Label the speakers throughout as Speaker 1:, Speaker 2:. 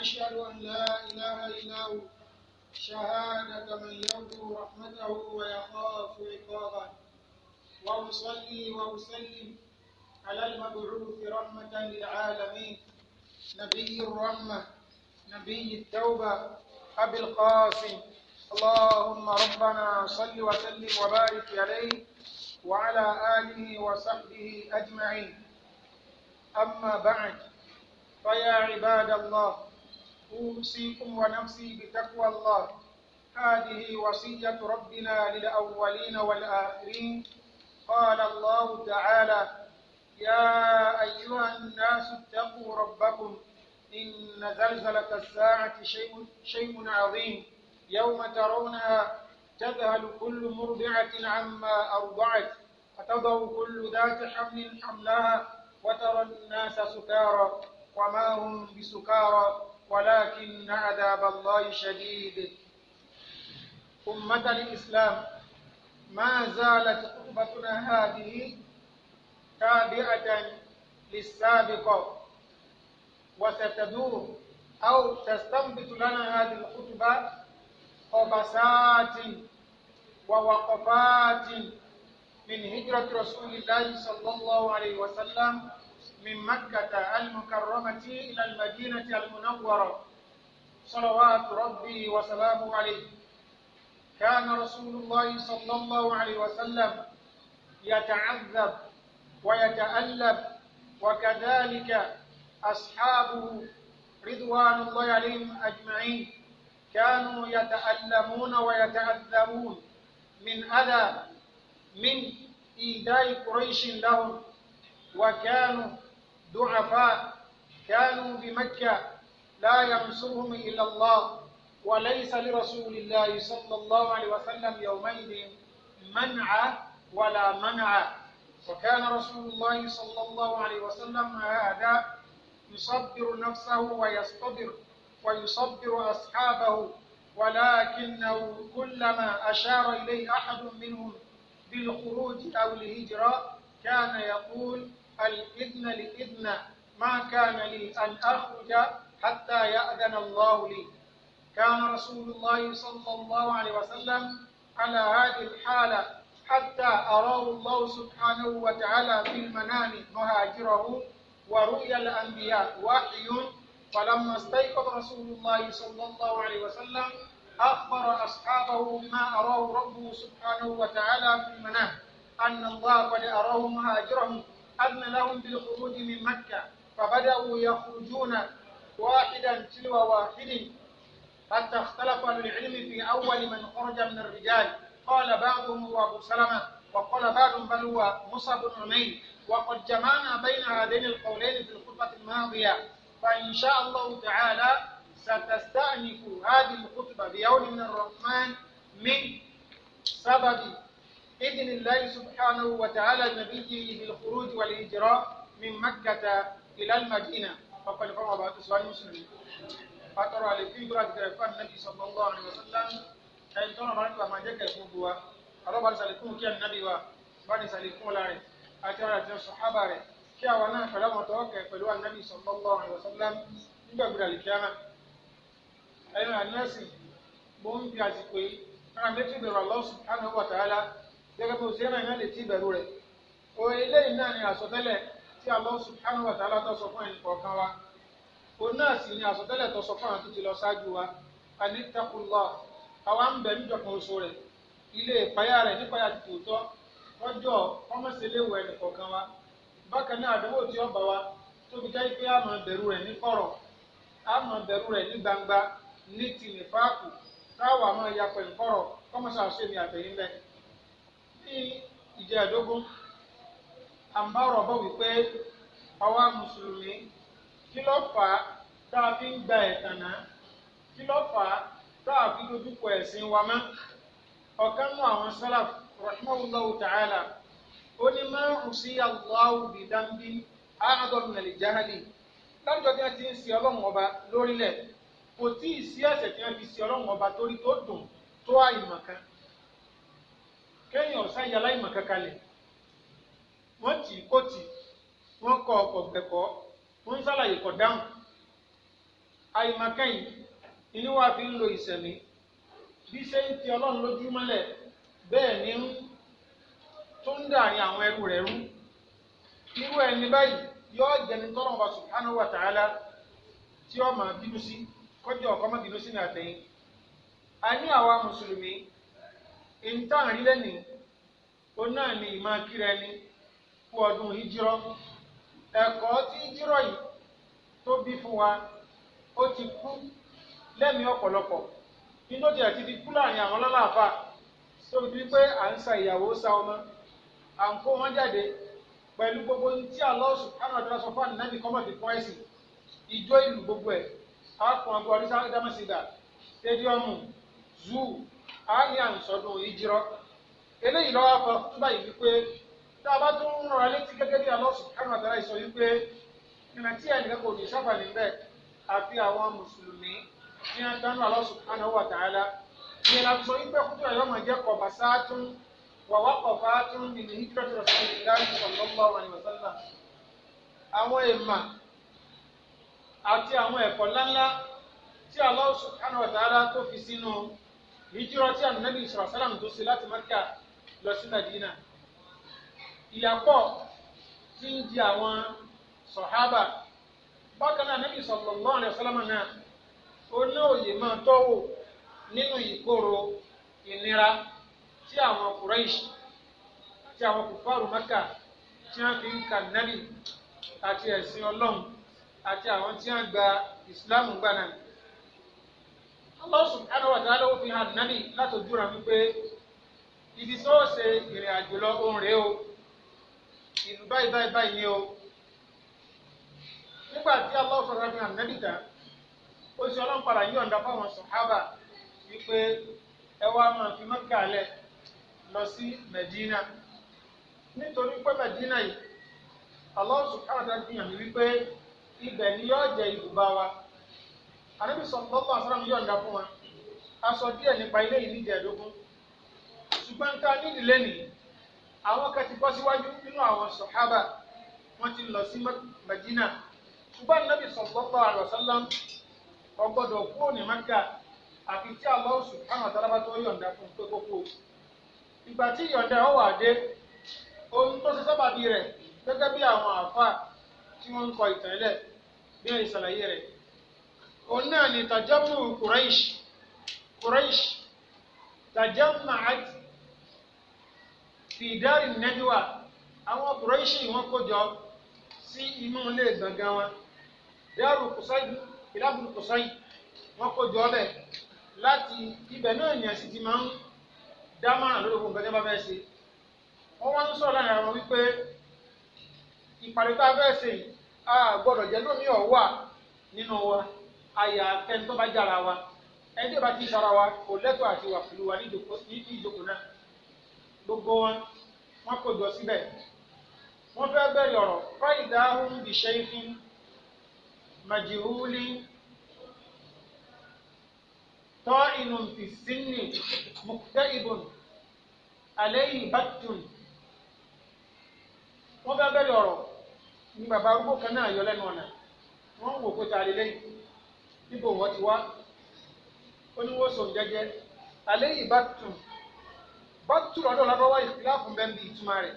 Speaker 1: أشهد أن لا إله إلا هو شهادة من يرجو رحمته ويخاف عقابه وأصلي وأسلم على المبعوث رحمة للعالمين نبي الرحمة نبي التوبة أبي القاسم اللهم ربنا صل وسلم وبارك عليه وعلى آله وصحبه أجمعين أما بعد فيا عباد الله أوصيكم ونفسي بتقوى الله هذه وصية ربنا للأولين والآخرين قال الله تعالى يا أيها الناس اتقوا ربكم إن زلزلة الساعة شيء, شيء عظيم يوم ترونها تذهل كل مرضعة عما أرضعت وتضع كل ذات حمل حملها وترى الناس سكارى وما هم بسكارى ولكن عذاب الله شديد أمة الإسلام
Speaker 2: ما زالت
Speaker 1: خطبتنا هذه تابعة للسابقة وستدور أو تستنبط لنا هذه الخطبة قبسات ووقفات من هجرة رسول الله صلى الله عليه وسلم من مكة المكرمة إلى المدينة المنورة صلوات ربي وسلامه عليه كان رسول الله صلى الله عليه وسلم يتعذب ويتألم وكذلك أصحابه رضوان الله عليهم أجمعين كانوا يتألمون ويتأذبون من أذى من إيداء قريش لهم وكانوا ضعفاء كانوا بمكة لا ينصرهم إلا الله وليس لرسول الله صلى الله عليه وسلم يومئذ منع ولا منع وكان رسول الله صلى الله عليه وسلم هذا يصبر نفسه ويصطبر ويصبر أصحابه ولكنه كلما أشار إليه أحد منهم بالخروج أو الهجرة كان يقول الإذن لإذن ما كان لي أن أخرج حتى يأذن الله لي كان رسول الله صلى الله عليه وسلم على هذه الحالة حتى أراه الله سبحانه وتعالى في المنام مهاجره ورؤيا الأنبياء وحي فلما استيقظ رسول الله صلى الله عليه وسلم أخبر أصحابه ما أراه ربه سبحانه وتعالى في المنام أن الله قد أراه مهاجرهم أذن لهم بالخروج من مكة فبدأوا يخرجون واحدا تلو واحد حتى اختلف العلم في أول من خرج من الرجال قال بعضهم هو أبو سلمة وقال بعضهم بل هو موسى بن عمير وقد جمعنا بين هذين القولين في الخطبة الماضية فإن شاء الله تعالى ستستأنف هذه الخطبة بيوم من الرحمن من سبب إذن الله سبحانه وتعالى نبيه للخروج والهجرة من مكة إلى المدينة فقد فرغ بعض سؤال المسلمين فترى لفيبرة كيفان النبي صلى الله عليه وسلم أن ترى مرتبة ما جاك يفوقوا أربع سالكون كي النبي وبني سالكون لاري أترى الصحابة ري kí àwọn náà pẹ̀lú àwọn tọ́wọ́kẹ́ pẹ̀lú ànábì sallallahu alaihi wasallam nígbàgbọ́dà lè kíá náà. ẹnu àníwẹ̀sì mo ń fi àsìkò yìí rárá méjì bẹ̀rù Allah subhanahu wa ta'ala gẹ́gẹ́ bí òṣèré náà lè tí ìbẹ̀rù rẹ̀ o eléyìí náà ni àsọtẹ́lẹ̀ tí Allah subhanahu wa ta'ala tó sọ fún wa o náà sì ni àsọtẹ́lẹ̀ tó sọ fún àwọn tó lọ ṣáájú wa àwa ń níjọkan oṣù ilé ìpayà nípayà wa bákan náà àdánwò wa tóbi a máa rẹ ní kọ̀rọ̀ a máa bẹ̀rù ní gbangba ní tìǹfààkù táwa máa yapẹ̀ mi ní ìjẹ́ àdógún àmbá ọ̀rọ̀ bọ̀ wípé àwa mùsùlùmí kí ló fà á tá a fi ń gba ẹ̀tànà kí ló fà á tá a fi dojúkọ ẹ̀sìn wa mọ́ ọ̀kan nù àwọn sálàf rahmanulahu ta'ala ó ní máa ń kù sí Allahu bi dambi a'dham min al-jahli tí wọ́n ti ń sin ọlọ́run ọba lórílẹ̀ kò tí ì sí ẹ̀ṣẹ̀ tí wọ́n fi sin ọlọ́run ọba torí tó dùn tó àìmọ̀kan kéèyàn ọ̀sá yàrá ìmọ̀ kankanlẹ̀ wọ́n tì í kó tì wọ́n kọ ọkọ̀ gbẹ̀kọ́ wọ́n ń sàlàyé kọ̀ dáhùn àyèmàkẹ́yìn inú wa fi ń lo ìsẹ̀mí bí ṣe ń ti ọlọ́run lójú mọ́lẹ̀ bẹ́ẹ̀ ni ń tó ń dàrin àwọn ẹrú rẹ̀ rú irú ẹni báyìí yóò jẹni tọ́lọ́ wa subhanahu wa ta'ala tí ó máa bínú sí kọjá ọkọ má bínú sí ní àtẹ̀yìn a ní àwa mùsùlùmí ìntàrí lẹ́nìí ó náà ni ìmá kíra ẹni kú ọdún hijrọ́ ẹ̀kọ́ tí hijrọ́ yìí tó bí fún wa ó ti kú lẹ́mìí ọ̀pọ̀lọpọ̀ nítorí àti ti kú láàrin àwọn lọ́láàfà tóbi pé à ń sa ìyàwó sa ọmọ à ń kó wọn jáde pẹ̀lú gbogbo sọ fún kọ́mọ̀ fi ẹ̀sìn ìjọ ìlú gbogbo stadium zoo àáyí àǹsọ́dún ìjírọ́ eléyìí lọ́wọ́ afọ túbà yìí wípé tá a bá tún ń rọra létí gẹ́gẹ́ bí Allah subhanahu wa ta'ala sọ wípé ìrìn tí ẹnì kẹ́kọ̀ọ́ ní sábà níbẹ̀ àfi àwọn mùsùlùmí ní àtàlù Allah subhanahu wa ta'ala ní ẹ̀la sọ wípé kútu ẹ̀yọ́ máa jẹ́ kọ̀ bàṣá tún wàwá kọ̀ bá tún nínú hijrat rasulillahi sallallahu àwọn èèmà àti àwọn ẹ̀kọ́ hijira tí anabi sọ̀rọ̀ sálàmù tó ṣe láti Mákà lọ sí Madina ìyàpọ̀ tí ń di àwọn sọ̀hábà bákan náà anabi sallallahu alaihi wasallam náà ó ní òye máa tọ́wò nínú ìkorò ìnira tí àwọn Quraysh tí àwọn kùfàrù Mákà tí wọ́n fi ń ka nábì àti ẹ̀sìn ọlọ́run àti àwọn tí wọ́n gba ìsìláàmù gbà náà. Alaosu subhanahu wa ta'ala ó fi hàn nábì látọjú rà wípé ibi tí ó ṣe ìrìn àjò lọ òun rèé o ìlú báyìí báyìí báyìí ni o nígbà tí Allah subhanahu wa hàn nábì dá ó ṣe ọlọ́mpadà yí ọ̀dà fáwọn wípé ẹ wá máa fi lọ sí Mẹ̀dínà nítorí pé Mẹ̀dínà yìí wípé ibẹ̀ ni ànábì sallallahu alaihi wasallam yọ̀ǹda fún wa a sọ díẹ̀ nípa ilé yìí nídìí ẹ̀dógún ṣùgbọ́n ká nídìí lẹ́nìí àwọn kan ti bọ́ síwájú nínú àwọn sọ̀hábà wọ́n ti lọ sí Madina ṣùgbọ́n ànábì sallallahu alaihi wasallam ó kúrò ní Mákà àfi tí Allah subhanahu wa ta'ala tó yọ̀ǹda fún pé kókó ìgbà tí yọ̀ǹda ọ̀ wà dé ohun tó ṣe sábàbí rẹ̀ gẹ́gẹ́ bí àwọn àfa tí wọ́n ń kọ ìtàn ilẹ̀ bí ìṣàlàyé rẹ̀ òun náà ni tajamu Quraish Quraish tajama'at fi dari najwa àwọn Quraish wọ́n kó jọ sí inú ilé gbọ̀ngàn wọn dáàrú kùsáì ìlàbùrù kùsáì wọ́n kó jọ bẹ́ẹ̀ láti ibẹ̀ náà ní àsìtì máa ń dámọ̀ràn lórí ogun gẹ́gẹ́ bá fẹ́ ṣe wọ́n wá ń sọ̀rọ̀ láàrin àwọn wípé ìpàdé tá a fẹ́ ṣe a gbọ́dọ̀ jẹ́ lómi ọ̀wà nínú wa àyà ẹni tó bá jára wa ẹni tó bá ti sára wa kò lẹ́tọ̀ àti wà pẹ̀lú wa ní ìjókòó náà gbogbo wọn wọn kò jọ síbẹ̀ wọn fẹ́ bẹ̀rẹ̀ ọ̀rọ̀ fáìdá ń bì ṣẹ́yìn màjìhúlì tọ́ inú fi sínú mùkútẹ́ ìbùn àlẹ́yìn bàtùn wọn fẹ́ bẹ̀rẹ̀ ọ̀rọ̀ ní bàbá arúgbó kan náà yọ lẹ́nu ọ̀nà wọn wò kó ta lélẹ́yìn níbo wọ́n ti wá oníwòsàn jẹ́jẹ́ àléyìn bá tún bá tún lọ́dọ̀ lábáwá ìfìláàfù bẹ́ńbì ìtumá rẹ̀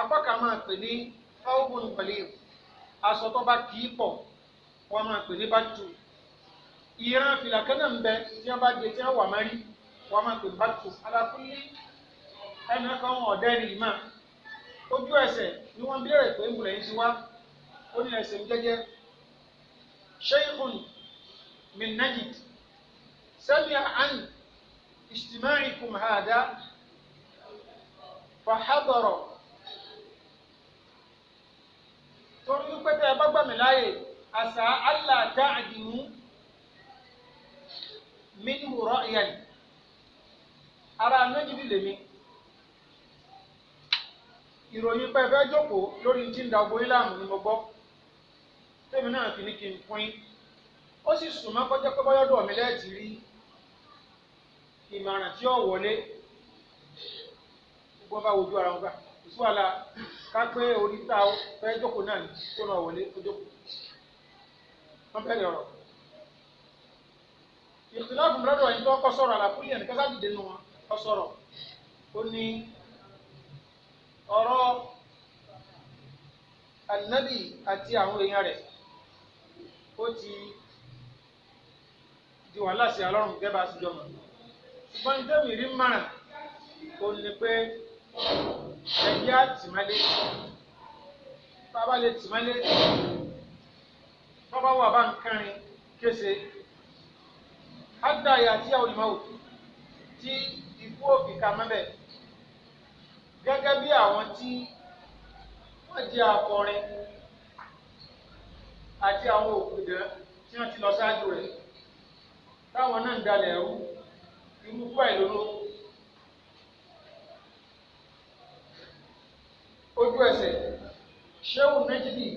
Speaker 1: apá kan máa pè ní fáwọn pẹ̀lú aṣọ tó bá kì í pọ̀ wọ́n máa pè ní bá tún ìran fìlà kẹ́nà ń bẹ tí wọ́n bá jẹ tí wọ́n wà mẹ́rí wọ́n máa pè bá tún alákùnrin ẹnì kan ọ̀dẹ́ ni ìmọ̀ ojú ẹsẹ̀ ni wọ́n bí lẹ́rẹ̀ pé ń bulẹ̀ yín ti wá ó ní ẹsẹ̀ ń jẹ́jẹ́ ṣé ìkùnì من نجد سمع عن اجتماعكم هذا فحضر torí wípé tẹ ẹ bá gbà mí láàyè àṣà aláàtà àdìmú mi ní wòrọ ìyá yìí ara méjìlí lèmi ìròyìn pé ẹ fẹ́ jókòó lórí ti ń da ogbó ìlànà ni mo gbọ́ tèmi náà fi ní kí n pín ó sì sùnmọ́ kọjá pé bọ́yọ́dọ̀ mi lẹ́ẹ̀tì rí ìmọ̀ràn tí ó wọlé gbogbo bá wojú ara wọn gbà kò sí wàhálà ká pé orí tá a fẹ́ jókòó náà tó náà wọlé tó jókòó wọ́n bẹ̀rẹ̀ ọ̀rọ̀ ìtìláàbù lọ́dọ̀ yìí tó kọ́ sọ̀rọ̀ àlàkùnrin yẹn kẹ́kẹ́ dìde nù wọn kọ́ sọ̀rọ̀ ó ní ọ̀rọ̀ ànábì àti àwọn èèyàn rẹ̀ ó ti di wàhálà sí alọ́run gẹ́gẹ́ bá a sì jọ mọ̀ ṣùgbọ́n ìdẹ́mi rí márùn ò ní pé ẹ̀yẹ́ àtìmọ́lé bàbá lè tìmọ́lé bàbá wà bá ń kẹrin kése ádàyà tí a ò lè máa wò tí ikú òkè ka mẹ́bẹ̀ gẹ́gẹ́ bí àwọn tí wọ́n jẹ́ akọrin àti àwọn òkùdẹ́ tí wọ́n ti lọ ṣáájú rẹ̀. táwọn náà ń dalẹ̀ ẹ̀rú irú fún àìlóró ojú ẹsẹ̀ ṣéwù méjìlì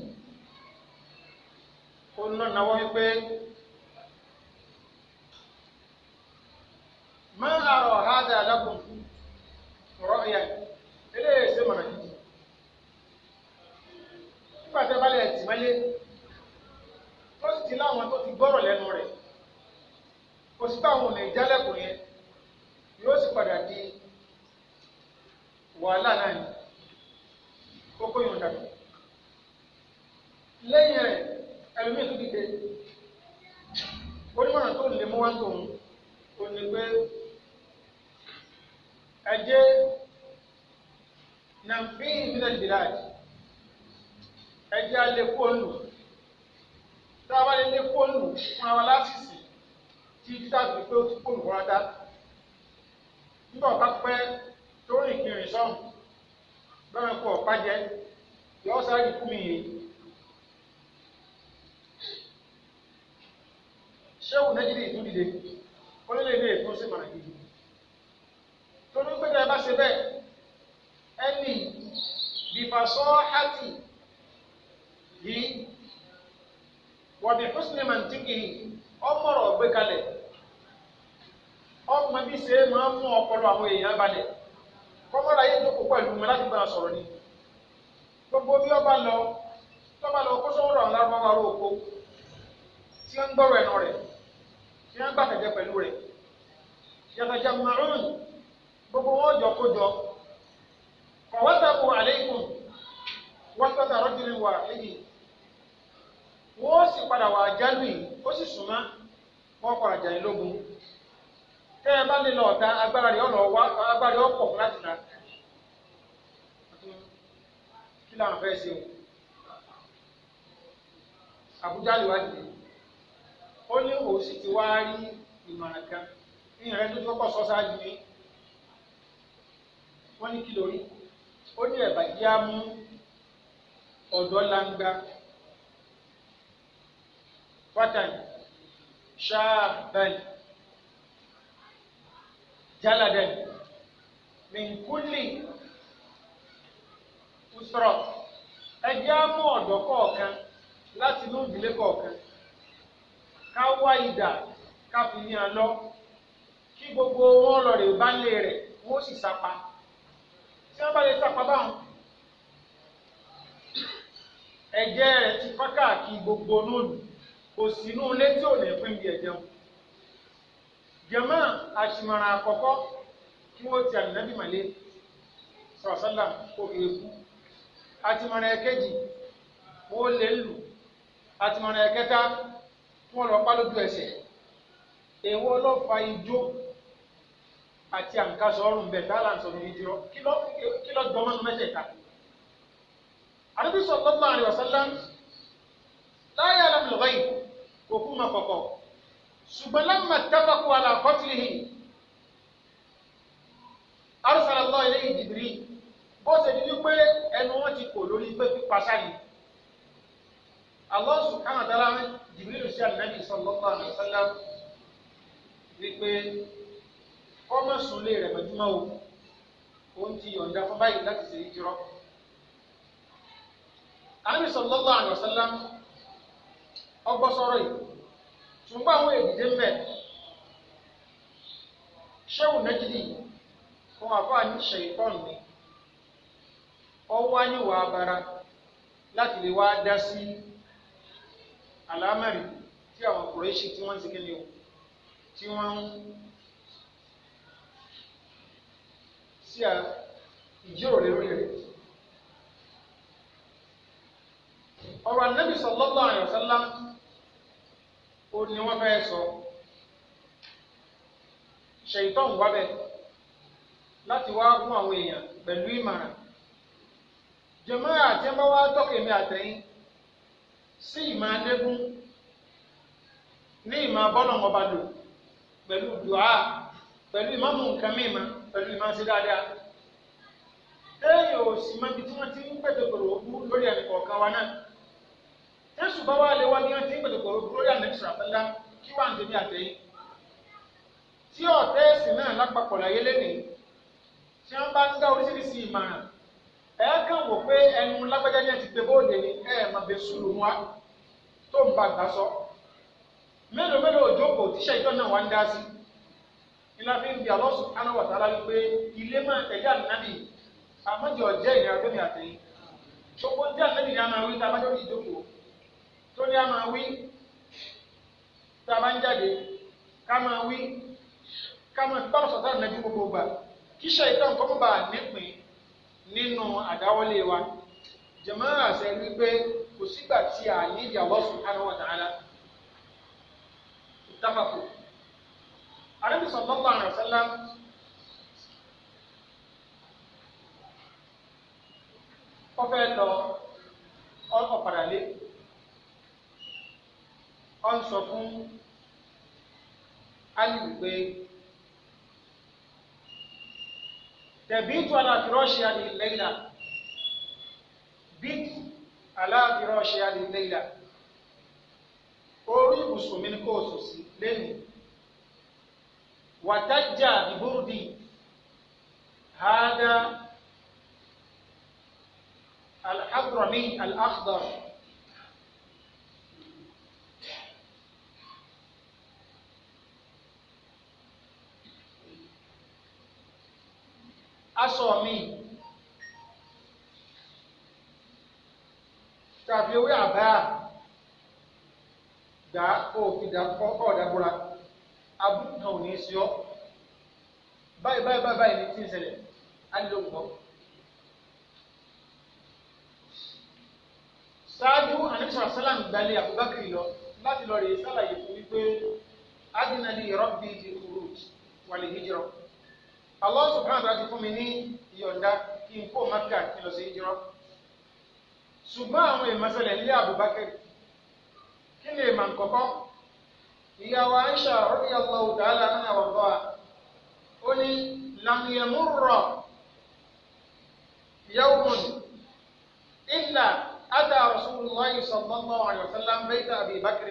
Speaker 1: onáwó wípé máa ń àrò ọ̀hádà alákùn ọ̀rọ̀ ìyá eléyìí mọ̀nà jíjì nígbà tẹ́ bá lẹ̀ tì mọ́lé ó sì ti láwọn tó ti gbọ́rọ̀ lẹ́nu rẹ̀. kò sí báwọn olè jálẹ̀kùn yẹn yóò sì padà di wàhálà náà ni kókó yóò dàgbà lẹ́yìn rẹ̀ ẹlòmíì tó dìde onímọ̀ràn tó lè mú wá tòun ò ní pé ẹjẹ́ nàbí ìbílẹ̀ ìbílẹ̀ ẹjẹ́ alẹ́ kóòlù tá a bá lè lé kóòlù fún àwọn aláṣìṣì tí jesus pé ó ti kóòlù wọ́n dá nígbà ọ̀pá pẹ́ tó rìn kiri sọ́hùn lọ́rọ̀ kó ọ̀pá jẹ yọ sáré kú mi yìí. ṣéwù nẹ́jìlì ìtú dìde ó lè lè tó sí mọ̀nà gidi torí pé tẹ́ ẹ bá ṣe bẹ́ẹ̀ ẹnì bìfàsọ́ hàtì yìí wọ̀bì fúsìlì màǹtíkì ọmọrọ̀ gbé kalẹ̀ ọmọ bí ṣe máa ń mú ọpọlọ àwọn èèyàn balẹ̀ kọ́mọ́ra yé tó kó pẹ̀lú mi láti gbà sọ̀rọ̀ ni gbogbo bí ọba lọ tọ́ba lọ kó sọ́wọ́rọ̀ àwọn lárúbáwá ró oko tí wọ́n ń gbọ́rọ̀ ẹ̀nu rẹ̀ tí wọ́n ń gbàtẹ̀jẹ́ pẹ̀lú rẹ̀ yàtọ̀jà màrún gbogbo wọn jọ kójọ kọ̀wọ́tàkù àlékún wọ́tàtà rọ́jìnrín wà léyìí wọ́n sì padà wà jálùú ó sì súnmọ́ wọ́n kọ̀ àjàyìn lógún tẹ́ ẹ bá lè lọ ọ̀tá agbára rẹ̀ ọ̀nà wá agbára rẹ̀ ọ̀pọ̀ láti nà kí làwọn fẹ́ ṣe o Àbújá lè wá dìde ó ní òun sì ti wá rí ìmọ̀ràn kan ìyẹn rẹ̀ tó tó kọ́ sọ ṣáájú ní wọ́n ní kí lórí ó ní ẹ̀bà jẹ́ á mú ọ̀dọ́ langba fátàní ṣáà báyìí. جلدا من كل أسرة ẹjẹ́ á mú ọ̀dọ́ kọ̀ọ̀kan láti inú ìdílé kọ̀ọ̀kan ká wá ìdà ká fi ní alọ́ kí gbogbo wọn lọ bá lé rẹ̀ wọ́n sì sapa tí wọ́n bá lè sapa báwọn ẹ̀jẹ̀ rẹ̀ ti fọ́n káàkiri gbogbo lónìí kò sínú ilé tí ò ní wọn jama àṣìmọ̀ràn àkọ́kọ́ kí wọ́n ti ànábì màlẹ́ sọ̀rọ̀sọ́là òkè èkú àtìmọ̀ràn ẹ̀kẹ́jì wọ́n lè lù àtìmọ̀ràn ẹ̀kẹta wọ́n lọ pa lójú ẹsẹ̀ èwo ló fa ijó àti àǹkàṣọ ọrùn bẹ̀ tààlà ń sọ̀rọ̀ ìjọ kí ló gbọmọ nù mẹ́tẹ̀ẹ̀ta àdébísọ̀ lọ́gbọ̀n àríwọ̀sálá láyé alámìlọ́gbà yìí kò kú mọ́ kọ̀kọ̀ ṣùgbọ́n lámà tábàkù àlàkọ́tìlì arúsàlọ́lọ́ ilé ìdìbìrì bó ṣe ní wípé ẹnu wọn ti kò lórí pé pípa sáyìn Allah subhanahu wa ta'ala jìbìrì lù sí ànábì sallallahu alaihi wasallam wípé kọ́mọ̀sùnlé rẹ̀ mẹ́júmọ́ o òun ti yọ̀ǹda fún báyìí láti ṣe ìjírọ́. ànábì sallallahu alaihi wasallam ọgbọ́sọ̀rọ̀ yìí ṣùgbọ́n àwọn èdìdé ń bẹ̀ ṣéwù méjìdì fún àfáà ní ṣèyítọ́n ni ọwọ́ níwà abara láti lè wá dá sí àlámẹ́rì tí àwọn kùrẹ́ṣì tí wọ́n ti kí ni o tí wọ́n ń sí ìjíròrò lórí rẹ̀. ọ̀rọ̀ ànábì sallallahu alaihi wasallam ó ní wọ́n fẹ́ sọ ṣèyítọ́n bẹ láti wá fún àwọn èèyàn pẹ̀lú ìmọ̀ràn jẹ̀mọ́ àti ẹ̀ àtẹ̀yìn sí ìmọ̀ adégún ní ìmọ̀ abọ́lọ̀mọba lò pẹ̀lú dùá pẹ̀lú ìmọ̀mù nǹkan mímọ́ pẹ̀lú ìmọ̀ sí dáadáa òsì mọ́bi tí wọ́n ti ń ogún lórí ẹ̀kọ́ kan wa náà. Jésù bá wà lé wá bí wọ́n ti ń pètè kòrò dúró yà ní ìṣàfẹ́lá kí wà ń tẹ̀mí àtẹ̀yìn. Tí ọ̀tẹ́ ẹ̀sìn náà lápapọ̀ láyé lẹ́nìí, tí wọ́n bá ń dá oríṣiríṣi ìmọ̀ràn, ẹ̀ kàn wò pé ẹnu lágbájá ní ẹ ti gbé bóde ni ẹ̀ máa bẹ sùúrù wá tó ń ba àgbà sọ. Mélòó mélòó òjòkó tíṣà ìtọ́ náà wá ń dá sí. Ìlà fi ń bi Allah subhanahu wa ta'ala wípé ilé máa tẹ̀lé ànábì àmọ́jọ́ jẹ́ ìrìn àgbẹ̀mí àtẹ̀yìn. Gbogbo ń jẹ́ ànábì ní àmọ́ àwọn ìta àbájọ́ ìjókòó tó ní a máa wí tá a bá ń jáde ká máa wí ká máa fi báwọn sọ̀tàn lẹ́bí gbogbo gbà kí ṣe ìtàn kọ́ mọ́ a nípìn nínú àdáwọ́lé wa jẹ̀mọ́ àṣẹ wípé kò sígbà tí a ní Allah subhanahu wa ta'ala ìtàkàkù. Ànábì sallallahu alaihi wasallam ọfẹ lọ sọ fún Àlí wípé tẹ̀bí tu aláfirọ́ṣẹ́ àdìlẹ́yìnà bíi aláfirọ́ṣẹ́ àdìlẹ́yìnà orí ibùsùn mi ni kò sùn sí lẹ́nu wàtájà ìbúrúdì hádà alḥadrami alakhdar. aṣọ mi tàbí ewé àbá gbà kó o fi kọ́ ọ̀dàgbọ́ra abúlé kan ò ní í sí ọ báyìí báyìí báyìí báyìí ní tí ń ṣẹlẹ̀ á lè lóko kọ́. ṣáájú àníṣà sálàm gbalẹ̀ Abubakar lọ láti lọ rèé sálàyé fún wípé adínàlì rọ́bì ti kúrò wàlẹ̀ hijrọ̀. Allah subhanahu wa ta'ala ti fún mi ní ìyọ̀ǹda kí n kó Maka kí n lọ sí ìjírọ́ ṣùgbọ́n àwọn ìmọ̀sẹ̀lẹ̀ ilé Abubakar kí ni ìmọ̀ nkọ̀kọ́ ìyàwó Aisha radiyallahu ta'ala anha àwọ̀gbọ́ a ó ní lam yamurra yawmun illa ata Rasulullahi sallallahu alaihi wasallam bayta Abi Bakr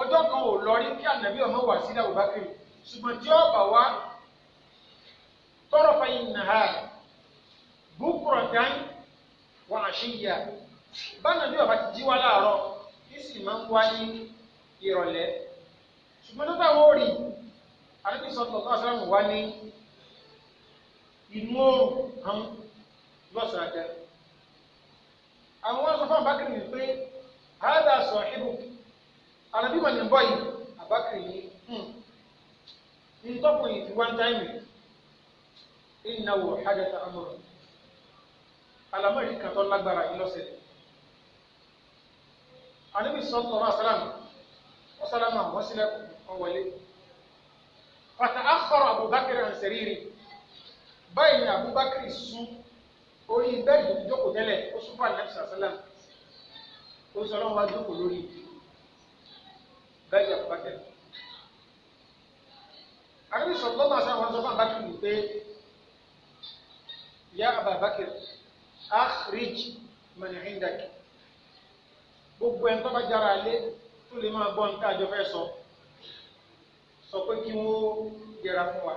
Speaker 1: ọjọ́ kan ò lọ rí kí ànàbí ọmọ wà sí Abubakar ṣùgbọ́n tí ó bà wá طرفي النهار بكرة وعشية báwọn ọjọ́ bá ti jí wá láàárọ̀ yìí sì máa ń wáyé ìrọ̀lẹ́ ṣùgbọ́n tó táwọn ò rí àdébí sọ́tọ̀ tó àṣàrùn wá ní inú òòrùn lọ́sàn àjẹ́ àwọn sọfọ́ àbákìrì ní pé àádá sọ ìbò àdébí mọ̀ ní yìí àbákìrì ní ń tọ́pọ̀ yìí ti wá ń táìmì ìnáwó hajjata amúrò alamari kàtọ́ lágbára ìlọ́sẹ̀ anabi sọ́tọ̀ asalamu wasalama wọ́n sílẹ̀ ọ̀wọ́lé fata akọrọ abubakar ansariri báyìí ni abubakar sún orí bẹ́ẹ̀dì ìjókòó tẹ́lẹ̀ ó sún fún anabi sàlám ó sọ lọ́wọ́ ajókòó lórí bẹ́ẹ̀dì abubakar anabi sọ̀tọ̀ asalamu wọn sọ fún abubakar wípé ya Aba Bakr akhrij man indak gbogbo ẹni tó bá jára lé tó lè máa gbọ́ nǹkan àjọ fẹ́ sọ sọ pé kí wọ́n yẹra fún wa.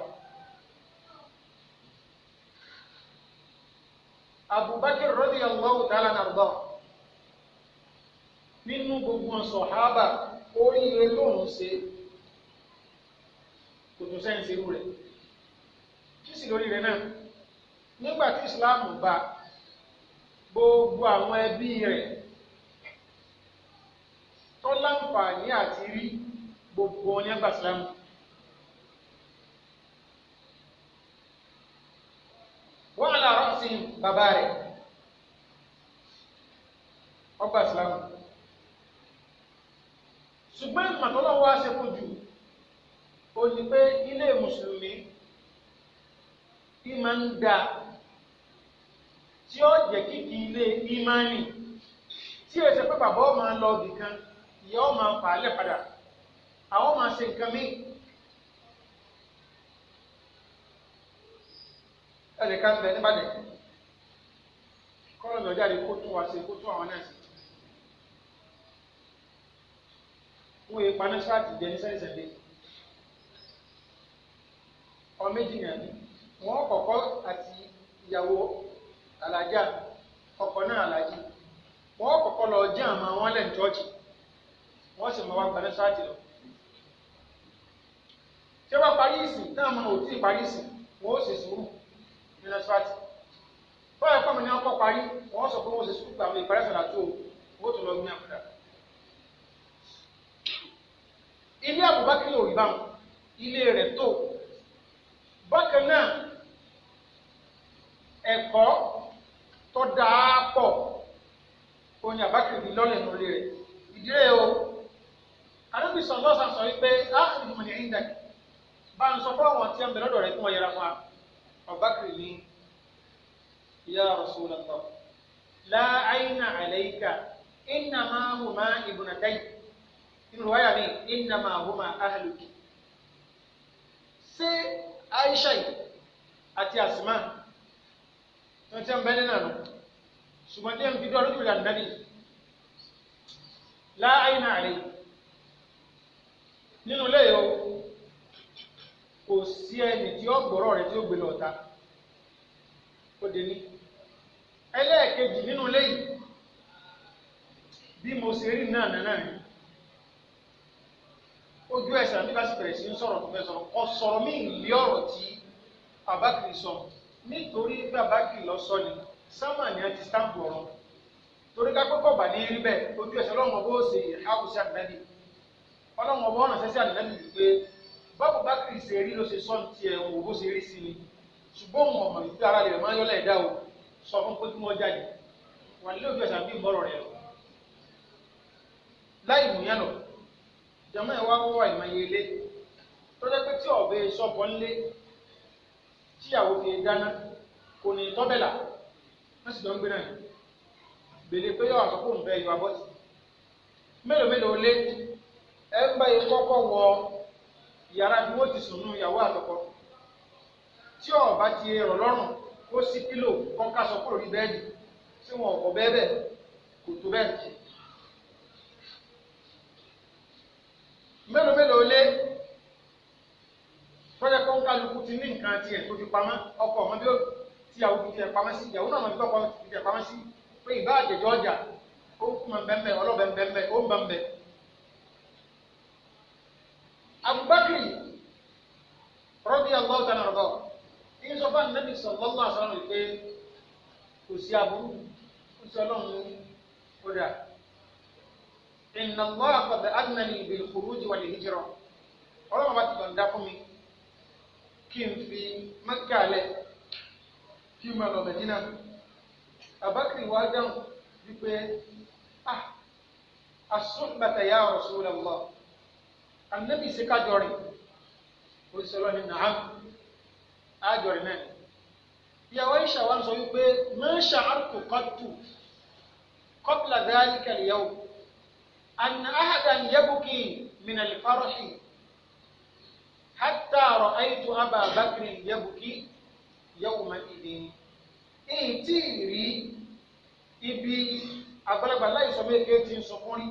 Speaker 1: abubakar radiyallahu ta'ala nàrúbọ nínú gbogbo sọhábà oríire lòun ṣe kò tún sẹ́yìn sí irú rẹ̀ kí sì lóríire náà nígbà tí islam bá gbogbo àwọn ẹbí rẹ̀ tó láǹfààní àti rí gbogbo ní ẹgbà islam. wọ́n àlà rọ́ọ̀sì bàbá rẹ̀ ọgbà islam ṣùgbọ́n ìmọ̀tọ́lọ́wọ́ aṣẹ́kù jù ó ní pé ilé mùsùlùmí ìmọ̀ ń da tí ó jẹ́ kíkì ilé ìmánì tí ó ṣe pé bàbá ọmọ lọ nìkan ìyá ọmọ pàálẹ̀ padà àwọn ọmọ ṣe nǹkan mí. ẹnì kan bẹ níbàdàn kọ́lọ̀ lọ́jà rí kó tún wá sí kó tún àwọn náà sí. wọ́n yẹ paná ṣáàtì jẹ ní sẹ́ńsẹ̀dé ọmọ méjì yẹn wọ́n kọ́kọ́ àti ìyàwó alájà ọkọ̀ náà alájì wọ́n kọ́kọ́ lọ jẹ́ àmọ́ wọn lẹ́nu tọ́ọ̀jì wọ́n sì máa wá gbaná sáàtì lọ. tí wọ́n parí ìsìn náà máa ò tí ì parí ìsìn wọ́n ó sì sùúrù nínú sáàtì. báyọ̀ pọ̀ mi ní ọkọ̀ parí wọ́n sọ pé wọ́n sì sùúrù pé àwọn ìparí sọ̀rọ̀ àti òwò wọ́n tún lọ gbé àkàdà. ilé Abubakar ò ilé rẹ̀ tó bákan náà ẹ̀kọ́ tó dáa pọ̀ òun ni àbákìrì lọ́lẹ̀ lórí rẹ̀ ìdílé o arábì sọ lọ́sàn sọ wípé áàkìrì mọ̀ ní indak bá ń sọ fáwọn tí ń bẹ lọ́dọ̀ rẹ̀ kí wọ́n yẹra fún wa àbákìrì ní ya Rasulullah la ayna alayka innama huma ibnatay inú wáyà mi innama huma ahluki ṣé Aisha àti Asma wọn ti ń bẹ nínú àná ṣùgbọ́n tí ń fi dọ́ọ̀lù jùlọ àdáni láàyè náà rè nínú léyò kò sí ẹni tí ó gbọ́rọ̀ rẹ̀ tí ó gbé lọ́ta ó dé ní ẹlẹ́ẹ̀kejì nínú léyìí bí mo ṣe rí náà náà rí ojú ẹsẹ̀ àbíkásí bẹ̀rẹ̀ sí ń sọ̀rọ̀ tó fẹ́ sọ̀rọ̀ kọ mí ìlé ọ̀rọ̀ tí abákiri sọ̀rọ̀ nítorí bàbá kìlọ sọ ni sámà ni a ti stamp ọrùn torí ká kókó bà ní rí bẹ́ẹ̀ ojú ẹsẹ̀ Ọlọ́run ọbọ ṣe ìhàkù sí ànábì Ọlọ́run ọbọ ọràn sẹsẹ ànábì wípé báwo bá kìlì ṣe rí ló ṣe sọ ní tiẹ̀ wò bó ṣe rí sí ni ṣùgbọ́n òun ọmọ ìgbé ara rẹ̀ máa ń yọlẹ̀ ẹ̀dá o sọ fún pé kí wọ́n jáde wà nílé ojú ẹsẹ̀ àbí ìmọ̀rọ̀ rẹ̀ láì mú yẹn lọ jàmọ́ ẹ̀ wá wọ́ tíyàwó fi dáná kò ní tọ́bẹ̀là wọ́n sì jọ ń gbé náà bèlè pé yóò àsọ̀kò ń bẹ ìwà bọ́sì mélòó mélòó lé ẹ ń bá yìí kọ́kọ́ wọ yàrá bí wọ́n ti sùn nù ìyàwó àtọkọ tí ọba ti rọ̀ lọ́rùn ó sì kílò kọ́ńká sọ kúrò ní bẹ́ẹ̀dì tí wọn ọ̀kọ̀ bẹ́ẹ̀ bẹ́ẹ̀ kò tó bẹ́ẹ̀ mélòó mélòó lé tọ́jà kó ń kálukú ti ní nǹkan tiẹ̀ tó fi pamọ́ ọkọ ọmọ bí ó ti àwọn fi tiẹ̀ pamọ́ sí ìyàwó náà mọ̀ nípa ọkọ fi tiẹ̀ pamọ́ sí pé ìbá àjẹjọ ọjà ó kúmọ̀ bẹ́ẹ̀ ọlọ́bẹ̀ bẹ́ẹ̀ ó ń bá ń bẹ. Abubakar rọ́bì ọlọ́ọ̀tà náà rọ̀ ní sọ fún anabi sọlọ́lá sọ̀rọ̀ pé kò sí aburú kò sí ọlọ́run kódà ìnáwó àkọ́bẹ̀ kí n fi mẹ́kà lẹ̀ kí n máa lọ mẹ́dínà abakiri wa dáhùn wípé ah asúnbàtà ya Rasulullah anabi ṣe kájọrì oṣìṣẹ́lọ́ ni nàám ájọrì náà ìyàwó Aisha wa ń sọ wípé máa ṣàárùkù kọ́tù qabla dhalika al-yawm an ahadan yabki min al-farhi hatta ra'aytu Aba Bakr yabki yawma idin èyí tí ì rí ibi àgbàlagbà láìsọ méje ti ń sọkún rí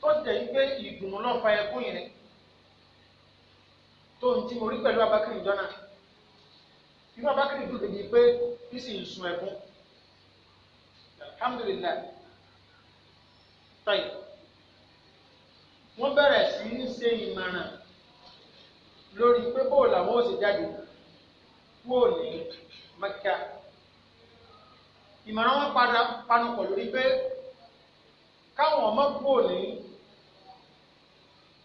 Speaker 1: tó jẹ́ pé ìdùnnú ló fa ẹkún yìí rẹ̀ tó ń tí mo rí pẹ̀lú abakiri jọ́nà inú abakiri dùn débi pé kí sì ń sun ẹkún alhamdulilayi tayi wọ́n bẹ̀rẹ̀ sí í ṣe ìmọ̀ràn lórí pé bóò làwọn ò sì jáde kúrò ní Mẹ́kà ìmọ̀ràn wọn padà panupọ̀ lórí pé káwọn ọmọ kúrò ní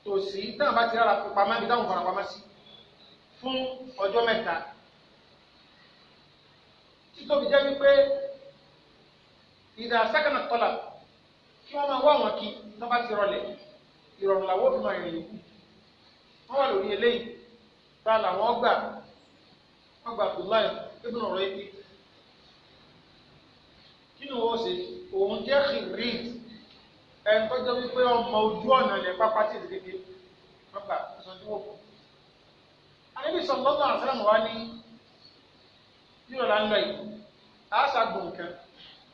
Speaker 1: tòsí táwọn bá ti rárá pamọ́ ibi táwọn fara pamọ́ sí fún ọjọ́ mẹ́ta títóbi jẹ́ wípé ìdá sákànà tọ́lá kí wọ́n máa wá wọn kí tó bá ti rọlẹ̀ ìrọ̀rùn làwọn òfin máa rìn yòókù wọ́n wà lórí eléyìí ta làwọn gbà wọ́n gba Abdullahi ibn Rabi kí ni wọ́n ṣe òun jẹ́ kìrìt ẹni tó jẹ́ wípé ọmọ ojú ọ̀nà ilẹ̀ pápá tí èdè kékeré wọ́n gbà ìsọdúnwó kù. Ànábì sallallahu alaihi wasallam wá ní yíyọ̀ là ń lọ yìí àṣà gbòǹkan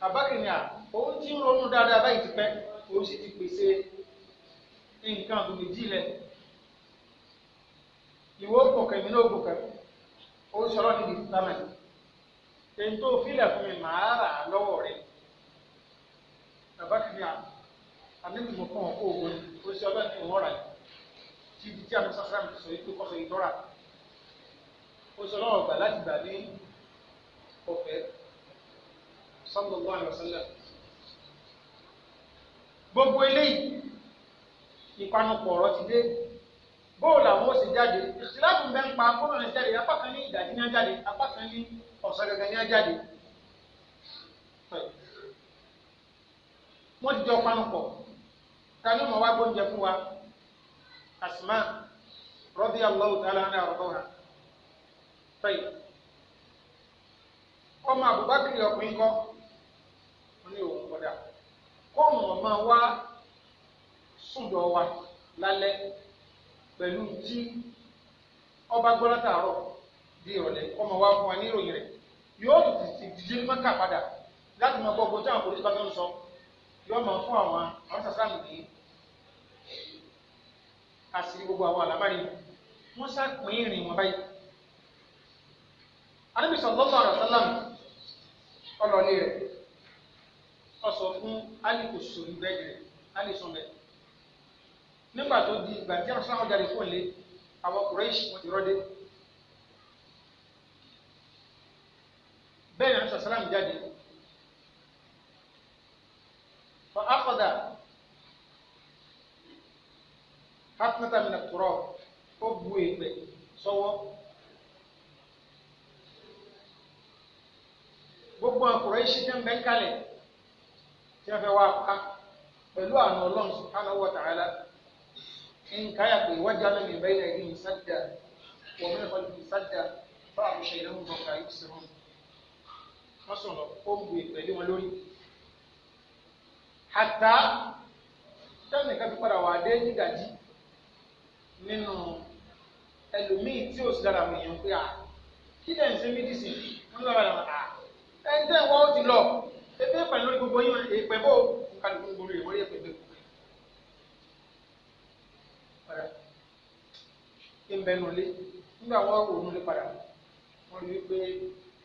Speaker 1: àbákẹ́nìyà òun ti ń ronú dáadáa báyìí ti pẹ́ òun sì ti pèsè nǹkan àbùmí jílẹ̀ ìwọ òkòkè mi náà òkòkè ó sọ̀rọ̀ níbi sámẹ èyí tó fílẹ fún mi màá rà lọ́wọ́ rẹ bàbá kìíní àmì mọ fún ọkọ ògbó ni ó sọ Ọlọ́run ní ìwọn rà tí ibi tí àmì sàkàrà mi sọ ètò kọsọ ìdọra ó sọ ọgbà láti gbà ní ọ̀fẹ́ sallallahu alaihi wasallam gbogbo eléyìí ìpanupọ̀ ọ̀rọ̀ ti dé bóòlù àwọn ó sì jáde ìṣìláàbù bẹ ń pa kọ́nà ní jáde apá kan ní ìdajì ní ajáde apá kan ní ọ̀sán gẹ́gẹ́ ní ajáde. wọ́n ti jọ panupọ̀ ta ni ọmọ wa gbóúnjẹ fún wa Asma radiyallahu ta'ala anha àrùbọ̀wà. ọmọ Abubakar ọkùnrin kọ́ wọ́n ní òun kọ́dà kọ́ọ̀mù ọmọ wa sùn dọ̀ wa lálẹ́ pẹ̀lú tí ọba gbọ́ látàárọ̀ di ìrọ̀lẹ́ ọmọ wa fún wa ní ìròyìn rẹ̀ yóò tún ti dìde mọ́kà padà láti máa gbọ́ gbọ́dọ̀ àwọn polisi bá tó ń sọ yóò máa fún àwọn àwọn sàsáàmù ní àṣírí gbogbo àwọn àlámárì wọ́n sàpín ìrìn wọn báyìí. anábì sallallahu alaihi wasallam ọlọ́ọ̀lẹ́ rẹ̀ ọ̀sọ̀ fún alikoso ìbẹ́ẹ̀dẹ̀ alìsọ̀bẹ̀ẹ́ nígbà tó di ìgbà tí àwọn sáwọn jáde fóònù lé àwọn kùrẹ́ṣì wọn ti rọ́dé bẹ́ẹ̀ ni àwọn sàlámù jáde fa akọ̀dà hafnata mina kúrọ̀ ó bu ègbè sọ́wọ́ gbogbo àwọn kùrẹ́ṣì jẹ́ ń bẹ́ ń kalẹ̀ tí wọ́n fẹ́ wá pa pẹ̀lú àwọn ọlọ́run subhanahu wa ta'ala in kaya ku wajala min bayna yadayhi sadda wa min khalfihi sadda fa abshayrahum wa la yusirun wọ́n sọ̀rọ̀ ó ń bu ìpẹ̀lú wọn lórí hatta tẹ́nìkan fi padà wà dé nídàjí nínú ẹlòmíì tí ó sì dára àwọn èèyàn pé à kí lè ń ṣe mídìsì wọn lọ́wọ́ àwọn à ẹni tẹ́ wọ́n ó ti lọ ẹgbẹ́ pẹ̀lú lórí gbogbo yín èèpẹ̀ bó kálukú gbogbo rẹ̀ wọ́n yẹ pẹ̀lú ń bẹ nulẹ nígbà wọn wò nulẹ padà wọn rí pé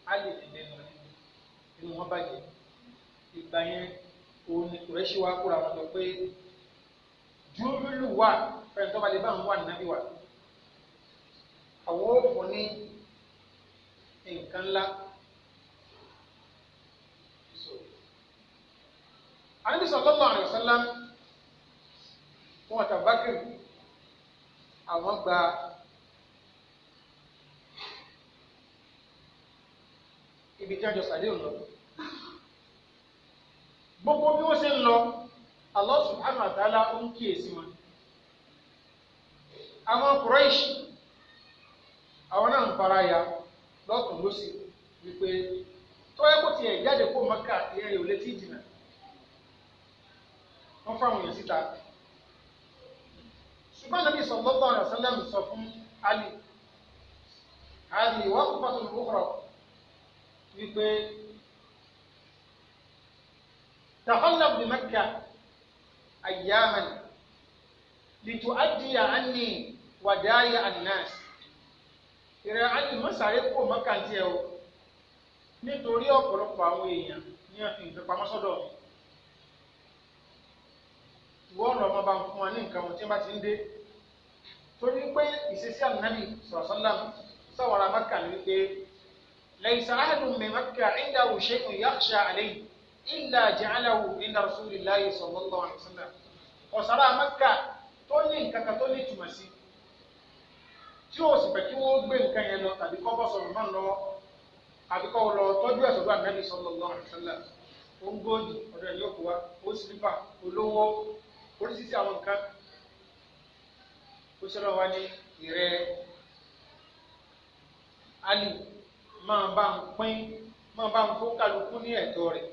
Speaker 1: alẹ ti bẹ nulẹ inú wọn bàjẹ́ ìgbà yẹn òun ni kùrẹ́ṣì wa kúra wọn lọ pé júlù wà fẹ́rẹ̀ tó bá lè bá ń wà nàbí wà àwọn òfò ní nǹkan ńlá. Ànábì sallallahu alaihi wasallam wọn àtàbákìrì àwọn gba. ibi tí àjọ sàdé lọ gbogbo bí wọ́n ṣe ń lọ Allah subhanahu wa ta'ala ó ń kíyèsí wọn àwọn Quraish àwọn náà ń fara ya lọ́kùn lọ́sì wípé tó yẹ kó tiẹ̀ jáde kó maka ìyẹn yóò létí ìdìnnà wọ́n fáwọn èèyàn síta ṣùgbọ́n nàbí sallallahu sọ fún Ali Ali waqfatun ukhra. wípé takhallaf bi Makkah ayyaman litu'addiya anni wàdáyà annas ìrẹ̀ àti mọ́sàárẹ́ kò Makkah tiẹ̀ o nítorí ọ̀pọ̀lọpọ̀ àwọn èèyàn ní ọ̀fìn ìfipamọ́ sọ́dọ̀ mi wọ́ọ̀rọ̀ ọmọ bá ń fún wa ní nǹkan wọn tí wọ́n bá ti ń dé torí pé ìṣesí ànábì sallallahu alaihi wasallam ní wípé ليس أحد من مكة عنده شيء يخشى عليه إلا جعله عند رسول الله صلى الله عليه وسلم وصرى مكة تولي كتولي تمسي tí o sì fẹ́ kí wọ́n gbé nǹkan yẹn lọ tàbí kọ́ bọ́ sọ̀rọ̀ náà lọ àbí kọ́ lọ tọ́jú ẹ̀ sọ́dọ̀ àmẹ́lì sallallahu alaihi wasallam ó ń gbòdì ọ̀dọ̀ ẹ̀ yóò kó wa ó sílífà olówó oríṣiríṣi àwọn nǹkan ó ṣẹlẹ̀ wá ní ìrẹ́ alì máa bá ń pín máa bá ń fún kálukú ní ẹ̀tọ́ rẹ̀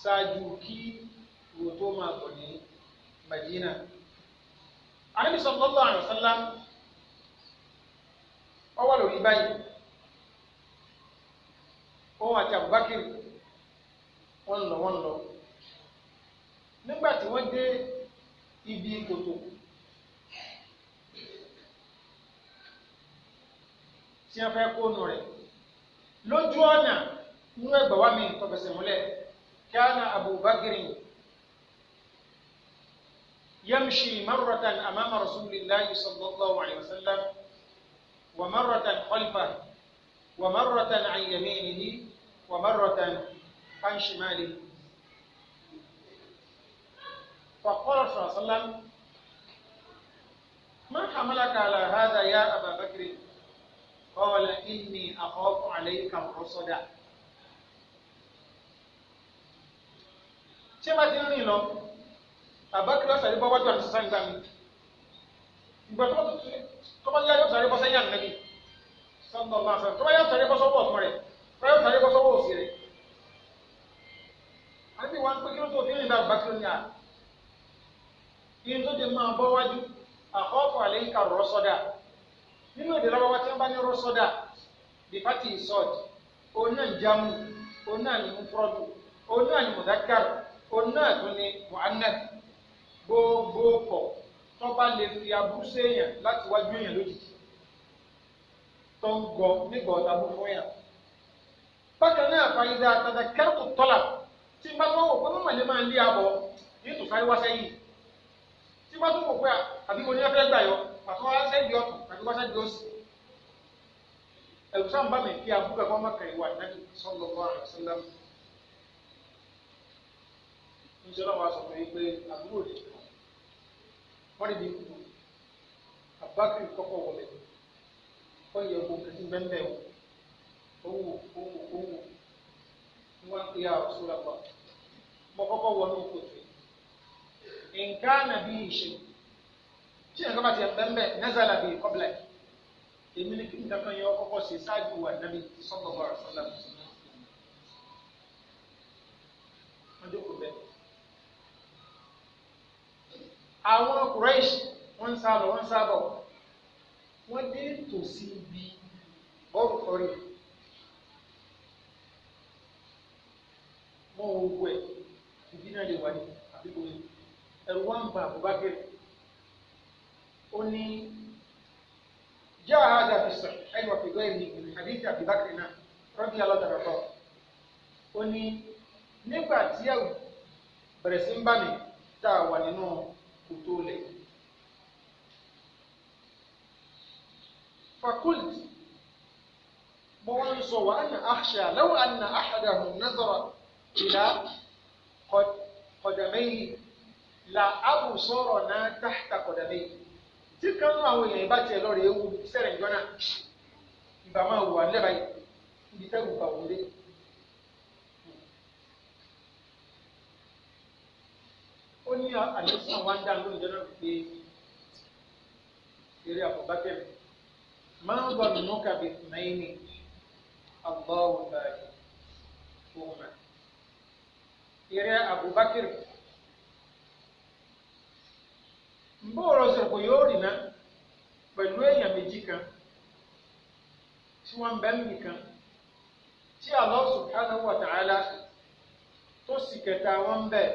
Speaker 1: ṣáájú kí ìwò tó máa bọ̀ ní Madina. Ànábì sallallahu alaihi wasallam ó wà lórí báyìí òun àti Abubakar lọ ibi foto tí wọ́n fẹ́ lójú ọ̀nà inú ẹgbà wá mi tọ́fẹsẹ̀ múlẹ̀ kíánà abubakiri yamshi marratan amama rasulillahi sallallahu alayhi wa sallam wa marratan khalfah wa marratan an yaminihi wa marratan an shimalihi فقال صلى الله عليه وسلم ما حملك على هذا يا أبا قال إني أخاف عليك الرصد ṣé máa ti ń rìn lọ àbákìlá sàrí bọ́ wájú àti sáńgbà mi ìgbà tó bá tó yọ sàrí bọ́ sẹ́yìn ànábì sọ́ńdọ̀ máa sọ tó bá yọ sàrí bọ́ sọ́wọ́ ọ̀tún rẹ̀ tó bá yọ sàrí bọ́ sọ́wọ́ òsì rẹ̀ àbí wọn pé kí ló tó fi rìn lọ àbákìlá ni à ìyẹn tó ti máa bọ́ wájú àkọ́kọ́ àlẹ́ ń kà nínú èdè lọ́wọ́wọ́ tí wọ́n bá ní rọ́sọ́dà the party is sọ́ọ̀d òun náà ń jámù òun náà ní mufrọ́dù òun náà ní mudakar òun náà tún ní muannath gbogbo pọ̀ tó bá lè fi abú séèyàn láti wájú èèyàn lójijì tó ń gọ nígbà ọ̀tá bú fún yàn. bákan náà fàyídà àtàdà kẹ́rùkù tọ́là tí bá tó wò pé mọ̀mọ́ lè máa lé abọ́ yìí tó sáré wá sẹ́yìn tí bá tó wò pé àbí mo ní ẹ gbà yọ pàtó wá sẹ́yìn ọ̀tọ̀ Katumasa Jose, ẹ̀wùsàn bá mi kí abúlé kọ́ máa kàn ìwà ìdájọ́ sọ́lọ́ bá àṣìlá. Níṣẹ́ náà wàá sọ fún yín pé àbúrò rẹ̀ wọ́n rí bí kú. Abákìrì kọ́kọ́ wọlé. Wọ́n yẹ kó kẹ́tí bẹ́ẹ̀ owó owó owó wọ́n ń pè á sọ́lọ́ bá. Mo kọ́kọ́ wọnú kòtò yìí tí nǹkan bá ti ẹ̀ bẹ́ẹ̀ nẹ́sàlà bíi kọ́bílẹ̀ èmi ní kí nǹkan kan yẹ ọkọ̀kọ̀ ṣe ṣáájú wà nábì sọ́tọ̀ bá ọ̀sọ́lá wọn jókòó bẹ́ẹ̀. àwọn Quraysh wọ́n ń sábọ̀ wọ́n ń sábọ̀ wọ́n dé tòsí ibi bọ́ọ̀lù kọrin wọn ò wẹ̀ ìdí náà lè wáyé àbíkú ẹ̀rù wá ń ba Abubakar ó ní jẹ́ àádọ́ fi sọ ẹni wọ́n fi gbọ́ èmi ìlú àdìsí àbíbákiri náà rọ́bì alọ́dọ̀rọ̀ bọ̀ ó ní nígbà tí ẹ̀wù bẹ̀rẹ̀ sí ń bá mi tá a wà nínú kòtò lẹ̀. fakult mo wá ń sọ wàá na àṣà lẹ́wọ̀ àna àṣàdà hùn nẹ́sọ̀rọ̀ ìlà kọ̀dàmẹ́yì la abu sọ̀rọ̀ náà tàhtà kọ̀dàmẹ́yì tí kan nínú àwọn èèyàn bá tiẹ̀ lọ́rọ̀ ewu sẹ́rẹ̀ ìjọ náà ìbá máa wù wá nílẹ̀ báyìí ibi tẹ́gùn gbà wọlé. ó ní àlẹ́sàn wá ń dá lóyún jẹ́ náà pé eré àkọ́bá bẹ̀rẹ̀ máa ń gbọ́ nínú kàbí náà ní àgbọ̀ ọ̀gbà ìfowópamọ́. Eré Abubakar bóòrọ̀ sọ̀kò yóò rìn náà pẹ̀lú èèyàn méjì kan tí wọ́n ń bẹ́ nìkan tí Allah subhanahu wa ta'ala tó sì kẹta wọn bẹ̀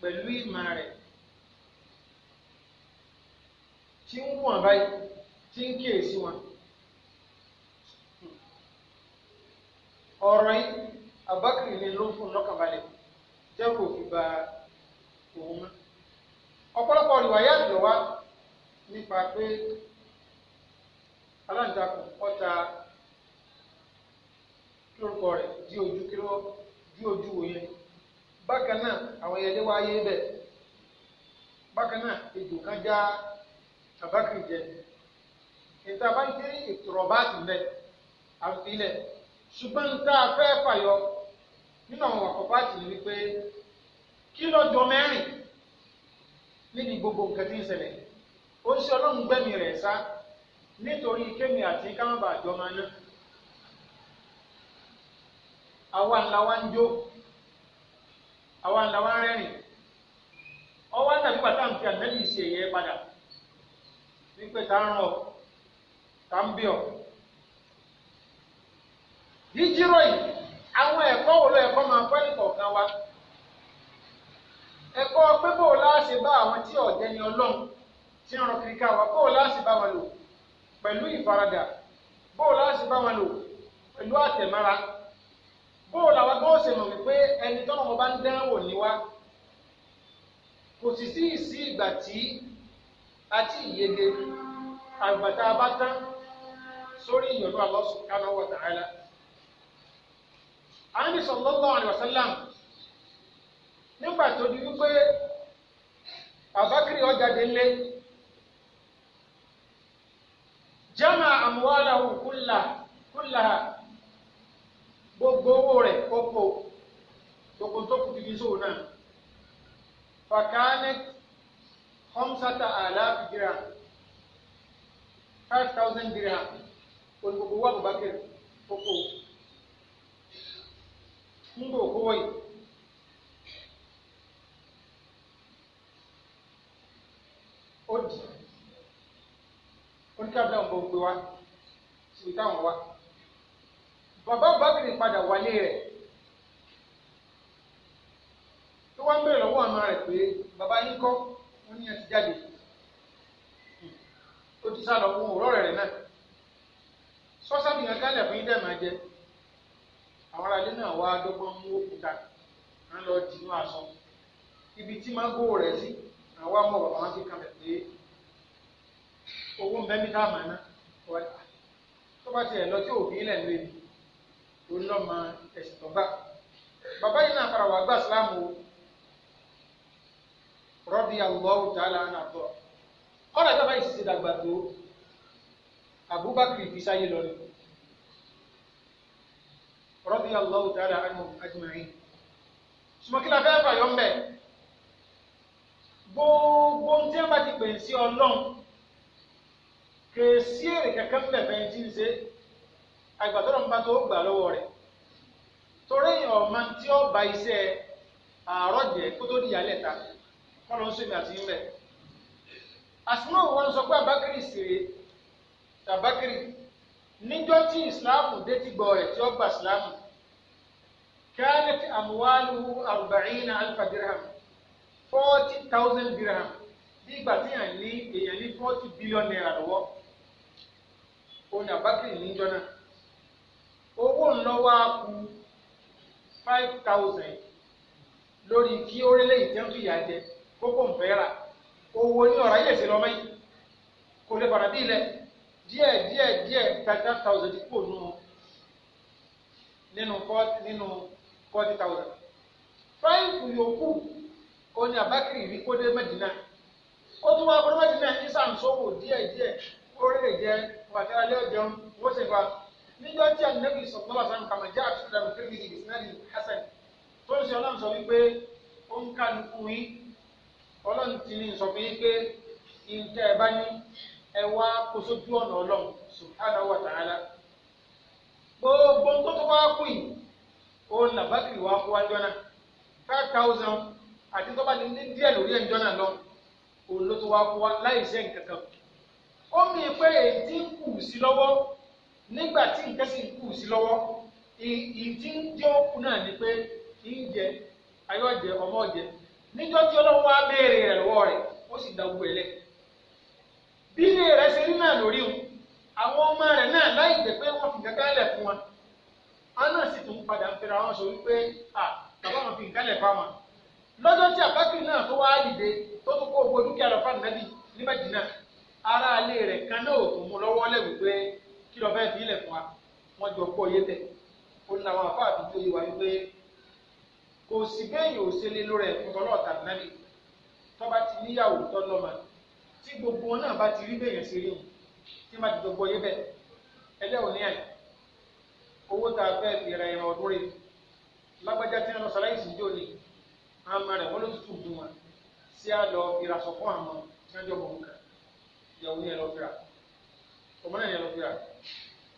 Speaker 1: pẹ̀lú ìmọ̀ rẹ̀ tí ń wù wọn báyìí tí ń kíyèsí wọn. ọ̀rọ̀ yìí abákìrì ni ló fún un lọ́kànbalẹ̀ jẹ́ fi ba òun mọ́ ọ̀pọ̀lọpọ̀ rìwáyà ló wá nípa pé aláǹtakùn ọta lórúkọ rẹ̀ di ojú kí ló di ojú òye bákan náà àwọn ẹyẹlé wáyé bẹ̀ bákan náà ètò kan já tàbákì jẹ níta bá ń dé ìtọ̀rọ̀ bá ti bẹ̀ àfilẹ̀ ṣùgbọ́n níta fẹ́ fàyọ nínú àwọn àkọ́kọ́ àti wípé kí lọ́jọ́ mẹ́rin níbi gbogbo nǹkan tí ń ṣẹlẹ̀ ó ṣe ọlọ́run gbẹ̀mí rẹ̀ sá nítorí kémi àti kámọ́bà àjọ máa ná àwa ńlá wa ń jó àwa ńlá wa ń rẹ́rìn ọwọ́ àtàbí pàtàkì àti àtẹ́bí ìṣe ẹ̀yẹ padà wípé ta ń rán ta ń bí ọ. jíjírọ̀ yìí àwọn ẹ̀kọ́ wo ló ẹ̀kọ́ máa fẹ́ nìkọ̀ọ̀kan wa ẹ̀kọ́ pé bó o láṣẹ bá àwọn tí ọ̀jẹ́ ni ọlọ́run tí ń rọ kiri ká wa bó o láṣẹ bá wọn lò pẹ̀lú ìfaradà bó o láṣẹ bá wọn lò pẹ̀lú àtẹ̀mára bó o làwọn gbọ́ ṣe mọ̀ wípé ẹni tọ́nà wọn bá ń dán wò ní wa kò sì sí ìsí ìgbà tí àti ìyege àgbàtà bá tán sórí ìyọ̀nù Allah subhanahu wa ta'ala. Ànábì sallallahu alaihi nígbà tó di wípé àbákiri ọjàde lé jama àmúwáláwù kúlà kúlà gbogbo owó rẹ̀ kókó gbogbo tó kù tìbí sóò náà fàkánẹ kọmsátà àlàáfi dirham five thousand dirham olùgbogbo wà bùbákiri kókó ń gbòòkó wọ̀nyí. ó dì oníkàbílà ń bọ gbé wa síbi táwọn wa bàbá bákìrì padà wálé rẹ̀ tó wá ń bẹ̀rẹ̀ lọ́wọ́ àmà rẹ̀ pé bàbá yín kọ́ wọ́n ní ẹtì jáde ó ti sá lọ fún òróró rẹ̀ náà sọ́sàbì yẹn kálẹ̀ fún yín dẹ̀ máa jẹ àwọn aráàlú náà wá dọ́gbọ́n mú òkúta ń lọ dì ní aṣọ ibi tí máa gbó rẹ̀ sí. Si àwa mọ̀ wà wọn ti kalẹ̀ pé owó ń bẹ́ mi tá a mọ̀ ná tó bá tiẹ̀ lọ tí òbí ilẹ̀ ń lébi tó ń lọ mọ ẹ̀sìn tó gbà bàbá yìí náà fara wà gbà sílámù o rọ́bì Allahu ta'ala náà bọ̀ kọ́lá bàbá yìí sì dàgbà tó Abubakar ìfisáyé lọ ni rọ́bì Allahu ta'ala anhu ajma'in sùmọ́kìlá fẹ́ẹ́ fà yọ̀ ń bẹ̀ gbogbo tí wọn bá ti pè sí Ọlọ́run kè sí èrè kankan bẹ̀bẹ̀ tí ń ṣe àgbàdọ́rọ̀ ń bá tó gbà lọ́wọ́ rẹ̀ torí ọ̀ma tí ó ba iṣẹ́ àárọ̀ jẹ́ kó tó níyàlẹ̀ ta kọ́ ló ń sèmi àti ń bẹ̀. àsìmọ́ wọn sọ pé abakiri sèré tabakiri níjọ́ tí ìsìláàmù dé ti gbọ́ rẹ̀ tí ó gba ìsìláàmù kánẹ́tì àmúwálù arba'ina alfa dirham forty thousand dirham ní ìgbà tí èèyàn ní èèyàn ní forty billion naira lọ́wọ́ òun àbákìrì níjọ́ náà owó ńlọ́wọ́ á ku five thousand lórí kí orílẹ̀ ìjẹ́nfìyà jẹ kókó nfẹ́ rà owó ní ọ̀rá yẹ̀sẹ̀ lọ́mọ yìí kò lè padà bí ilẹ̀ díẹ̀ díẹ̀ díẹ̀ thirty five thousand kò nù nínú nínú forty thousand five yòókù. onye abakiri rí kó medina mẹ́dínà ó tún medina kódé mẹ́dínà ìsànsówò díẹ̀díẹ̀ orílẹ̀ èdè pàtàkì alẹ́ fa níjọ́ tí ànábì sọ̀tún bá sanu kàmá jẹ́ àtúntò dàbí kébì ní ìsinmi hasan sọ wípé ó ń ká nukú yín ọlọ́run ti ní sọ fún yín pé ìǹkẹ́ ẹ̀ bá wa àti tó bá ní ní díẹ̀ lórí ẹ̀ńjọ́ náà lọ òun ló tó wá kó wa láì ṣe nǹkan kan ó mì pé èdè ń kù sí lọ́wọ́ nígbà tí nǹkan sì ń kù sí lọ́wọ́ ìdí ń jẹ́ òkú náà ni pé kì í jẹ ayọ́jẹ ọmọ ọ̀jẹ níjọ́ tí ọlọ́run wá béèrè rẹ̀ lọ́wọ́ rẹ̀ ó sì da gbogbo ẹ̀ lẹ̀ bí ilé rẹ̀ ṣe rí náà lórí òun àwọn ọmọ rẹ̀ náà láì jẹ́ pé wọ́n fi gẹ́gẹ́ lẹ̀ fún wa wọn náà sì tún padà ń fẹ́ra wọn sọ wípé à bàbá wọn fi gẹ́gẹ́ lẹ̀ fáwọn lọ́jọ́ tí àbákìrì náà tó wá dìde tó tó kó owó dúkìá lọ fún ànábì ní mẹ́jìnà ara alé rẹ̀ kan náà ò tún mú lọ́wọ́ lẹ́wọ̀ pé kí lọ fẹ́ fi ilẹ̀ fún wa wọ́n jọ pọ̀ yé tẹ̀ ó ní àwọn àfáà fi tó yé wa wípé kò sí bẹ́yìn ò ṣe lé lórí ẹ̀fún tọ́lọ́ tàbí nábì tó bá ti níyàwó tó lọ́mọ tí gbogbo wọn náà bá ti rí bẹ́yẹn ṣe rí wọn tí má ti jọ gbọ́ yé bẹ́ẹ̀ ẹlẹ́wọ̀n ní àyè owó tá a fẹ́ fi ra ẹran ọdún rè lágbájá tí wọn sọ láyé sí jóni àmọ́ rẹ̀ wọ́n ló tutù fún wa sí à lọ ìrasọ fún àmọ́ tí wọ́n jọ bọ̀ nǹkan ìyàwó yẹn lọ fira ọmọ náà yẹn lọ fira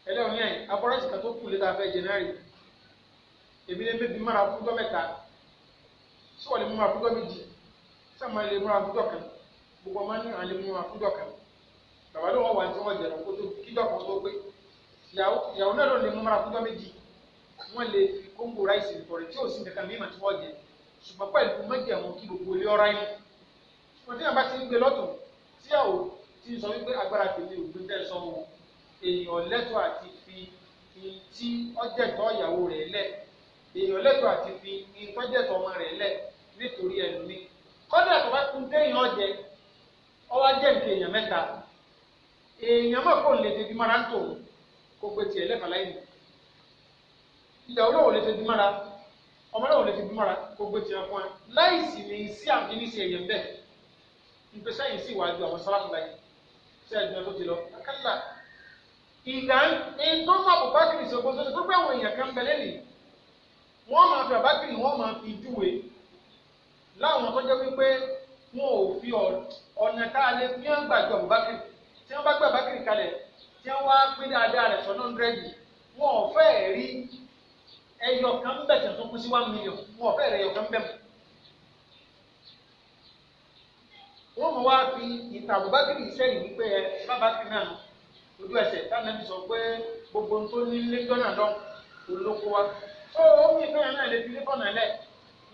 Speaker 1: ẹlẹ́wọ̀n ní àyìn abọ́rẹ́sì kan tó kù létà fẹ́ jẹnẹ́rì èmi lè mébi mara fúdọ́ mẹ́ta sọ̀rọ̀ lè mú mara fúdọ́ méjì sàmà lè mú mara fúdọ́ kan gbogbo ọmọ ní àlè mú mara fúdọ́ kan bàbá ló wọ́n wà tí wọ́n jẹ̀rọ kó tó kíjọ́ kan tó gbé ìyàwó náà ló lè mú mara fúdọ́ méjì wọ́n lè fi kóńgò ráìsì nìkọ̀rẹ́ tí ò sí nìkan mímọ̀ tí wọ́n jẹ̀rọ ṣùgbọ́n pẹ̀lú mẹ́jẹ̀mú kí gbogbo ilé ọ̀rá yìí ṣùgbọ́n tí yàrá bá ti ń gbé lọ́tọ̀ tí a ò ti sọ wípé agbára tèmi ò gbé tẹ́ sọ wọn èèyàn lẹ́tọ̀ àti fi tí ọjẹ́tọ̀ ìyàwó rẹ̀ lẹ̀ èèyàn lẹ́tọ̀ àti fi ìtọ́jẹ́tọ̀ ọmọ rẹ̀ lẹ̀ nítorí ẹnu ni kọ́dà tó bá kún téèyàn ọ̀jẹ̀ ọwọ́ jẹ́ nǹkan èèyàn mẹ́ta èèyàn mọ̀ kó lè tẹ́bí mara ń tòun kó gbé tiẹ̀ lẹ́fà láì nù ìyàwó lọ́wọ́ mara ọmọ náà ò lè fi bímọ́ra kó gbé tiẹ̀ fún ẹ láì sì ní sí àbíní sí ẹ̀yẹ̀ bẹ́ẹ̀ nípa sẹ́yìn sí ìwájú àwọn sálámù láyé sí ẹ̀dùn tó ti lọ kálá ìgbà tó máa bò bákìrì sí ogbóṣoṣo tó pé àwọn èèyàn kan bẹ̀lẹ́ nì wọ́n máa fi àbákìrì wọ́n máa fi júwe láwọn tó jẹ́ wípé wọn ò fi ọ̀nà tá a lè fi hàn gbàgbọ́ àbúbákìrì tí wọ́n bá gbà bákìrì kalẹ̀ tí wọ́n wá pín dáadáa rẹ̀ sọ́nà ń rẹ́yìn wọn ò fẹ́ẹ̀ rí ẹyọ kan bẹ tẹ̀tún kú sí one million wọn ọ̀fẹ́ rẹ̀ ẹyọ kan bẹ̀ mọ́. wọ́n fi wípé ẹ náà táwọn ẹbí sọ gbogbo tó ní ilé wa. ó náà lè fi ilé fọ́nà lẹ̀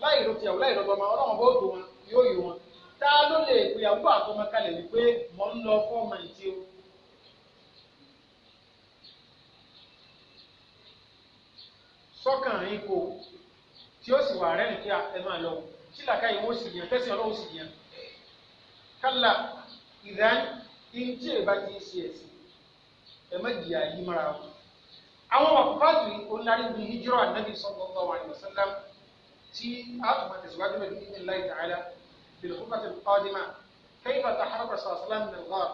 Speaker 1: láì ro tìyàwó láì rọgbọ ọmọ ọlọ́wọ́n bó tó wọn yóò yọ wọn. tá a ló lè pè àwùjọ àtọmọ kalẹ̀ wípé mọ̀ ń lọ fọ́ o. sọ́kàn rí kò tí ó sì wà rẹ́rìn kí ẹ máa lọ tí làkàyè wọ́n sì yàn tẹ́sí ọlọ́run sì yàn kálá ìdán ìdí èbá ti ṣe ẹ̀sìn ẹ má jìyà yìí mara wọn. àwọn wàfáàtù onárí bíi hijrọ ànábì sallallahu alaihi wasallam tí a tún máa tẹ̀síwájú lọ bíi ilá ta'ala bil khutbati al-qadima kayfa taharaka sallallahu alaihi wasallam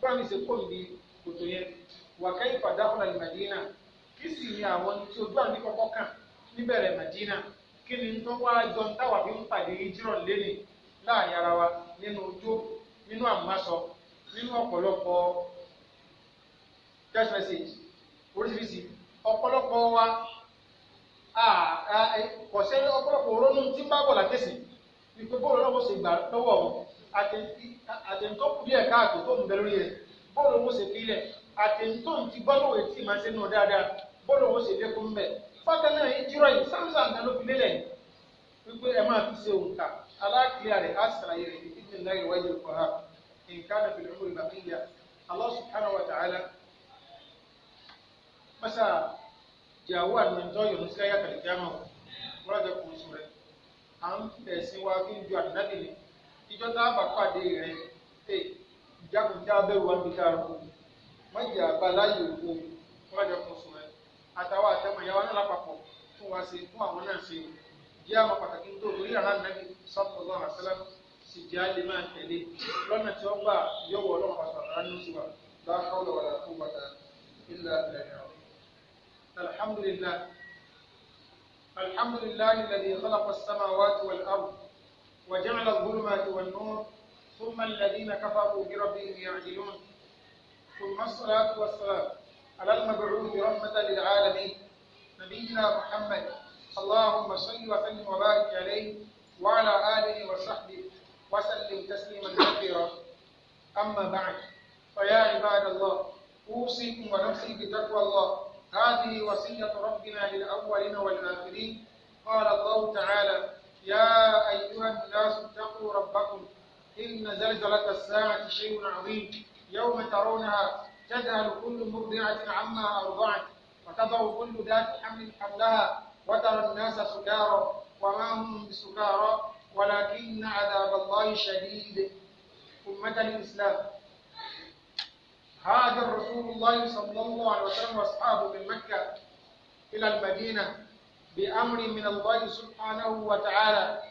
Speaker 1: bá mi ṣe kó ibi kòtò yẹn wà kayfa dakhala al-madina kí sì ni àwọn tí ojú àmì kọ́kọ́ kàn níbẹ̀rẹ̀ Madina kí ni tó wá jọ táwa fi ń pàdé ìjírọ̀ lẹ́nìí láàyè ara wa nínú ojú nínú àmásọ nínú ọ̀pọ̀lọpọ̀ text message oríṣiríṣi ọ̀pọ̀lọpọ̀ wa kọ̀ṣẹ́ ọ̀pọ̀lọpọ̀ ronú tí bá bọ̀ látẹ̀sìn ìpè bọ́ọ̀lù lọ́wọ́ ṣe gbà lọ́wọ́ àtẹ̀ntọ́ kù díẹ̀ káàtó tó ń bẹ lórí rẹ̀ bọ́ọ̀lù owó ṣe fi rẹ̀ àtẹ̀ntọ́ ti gbọ́ lóòwe tí màá ṣe nù dáadáa bọ́ọ̀lù wọn ṣe lékún mbẹ́ bákan náà ìjírọ̀ yìí sáńsà nǹkan ló fi lélẹ̀ wípé ẹ máa fi ṣe òǹkà aláàkìlẹ̀ rẹ̀ á ṣàlàyé rẹ̀ ní kíkì náà ìwájú ọkọ̀ ha nǹkan náà fi lè múlò bàbíyà Allah subhanahu wa ta'ala masa jàwó àdìmọ̀tọ́ yòó sí ayé àkàlẹ̀ wọ́n lọ́jọ́ kò sùn rẹ̀ à ń ẹ̀sìn wa fi ń ju àdínábì ni ìjọ tá a bá pàdé rẹ̀ ẹ̀ ìjákùnjá abẹ́rù wa ń bi ká rọ̀ mọ́jà òkú wọ́n lọ́jọ́ kò sùn. àtàwọn àtẹmọ ìyá wa náà lápapọ̀ fún wa ṣe fún àwọn náà ṣe jẹ́ àmọ́ pàtàkì tó orí àrà nàbí sọ́kọ̀lọ́ àṣẹlá sì jẹ́ àlè máa tẹ̀lé lọ́nà tí ó gbà yọ̀wọ̀ ọlọ́run pàtàkì ránú sí wa láàkọ́lọ̀ wà láàkó bàtà ilà ilẹ̀ alhamdulillah alhamdulillah alladhi khalaqa as-samawati wal ard wa ja'ala adh-dhulumati wan nur thumma alladhina kafaru bi rabbihim ya'dilun ثم الصلاة والسلام على المبعوث رحمة للعالمين نبينا محمد اللهم صل وسلم وبارك عليه وعلى آله وصحبه وسلم تسليما كثيرا أما بعد فيا عباد الله أوصيكم ونفسي بتقوى الله هذه وصية ربنا للأولين والآخرين قال الله تعالى يا أيها الناس اتقوا ربكم إن زلزلة الساعة شيء عظيم يوم ترونها تجهل كل مرضعة عما أرضعت وتضع كل ذات حمل حملها وترى الناس سكارى وما هم بسكارى ولكن عذاب الله شديد أمة الإسلام هذا رسول الله صلى الله عليه وسلم وأصحابه من مكة إلى المدينة بأمر من الله سبحانه وتعالى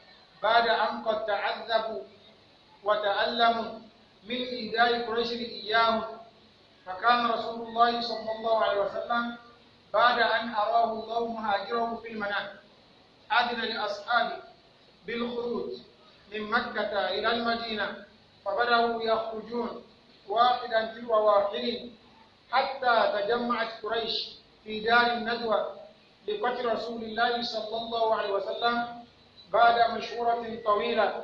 Speaker 1: بعد أن قد تعذبوا وتألموا من إيذاء قريش إياهم فكان رسول الله صلى الله عليه وسلم بعد أن أراه الله مهاجره في المنام أذن لأصحابه بالخروج من مكة إلى المدينة فبدأوا يخرجون واحدا تلو واحد حتى تجمعت قريش في دار الندوة لقتل رسول الله صلى الله عليه وسلم بعد مشورة طويلة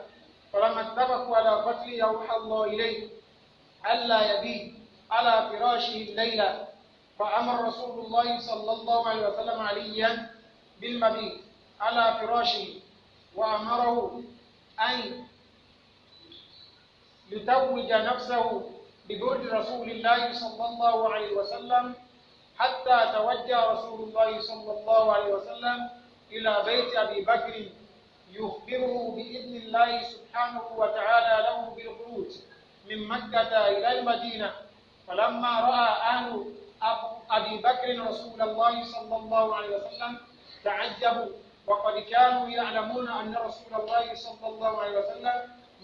Speaker 1: فلما اتفقوا على قتله أوحى الله إليه ألا يبيه على فراشه الليلة فأمر رسول الله صلى الله عليه وسلم عليا بالمبيت على فراشه وأمره أن يتوج نفسه ببرد رسول الله صلى الله عليه وسلم حتى توجه رسول الله صلى الله عليه وسلم إلى بيت أبي بكر يخبره بإذن الله سبحانه وتعالى له بالخروج من مكة إلى المدينة فلما رأى أهل أبي بكر رسول الله صلى الله عليه وسلم تعجبوا وقد كانوا يعلمون أن رسول الله صلى الله عليه وسلم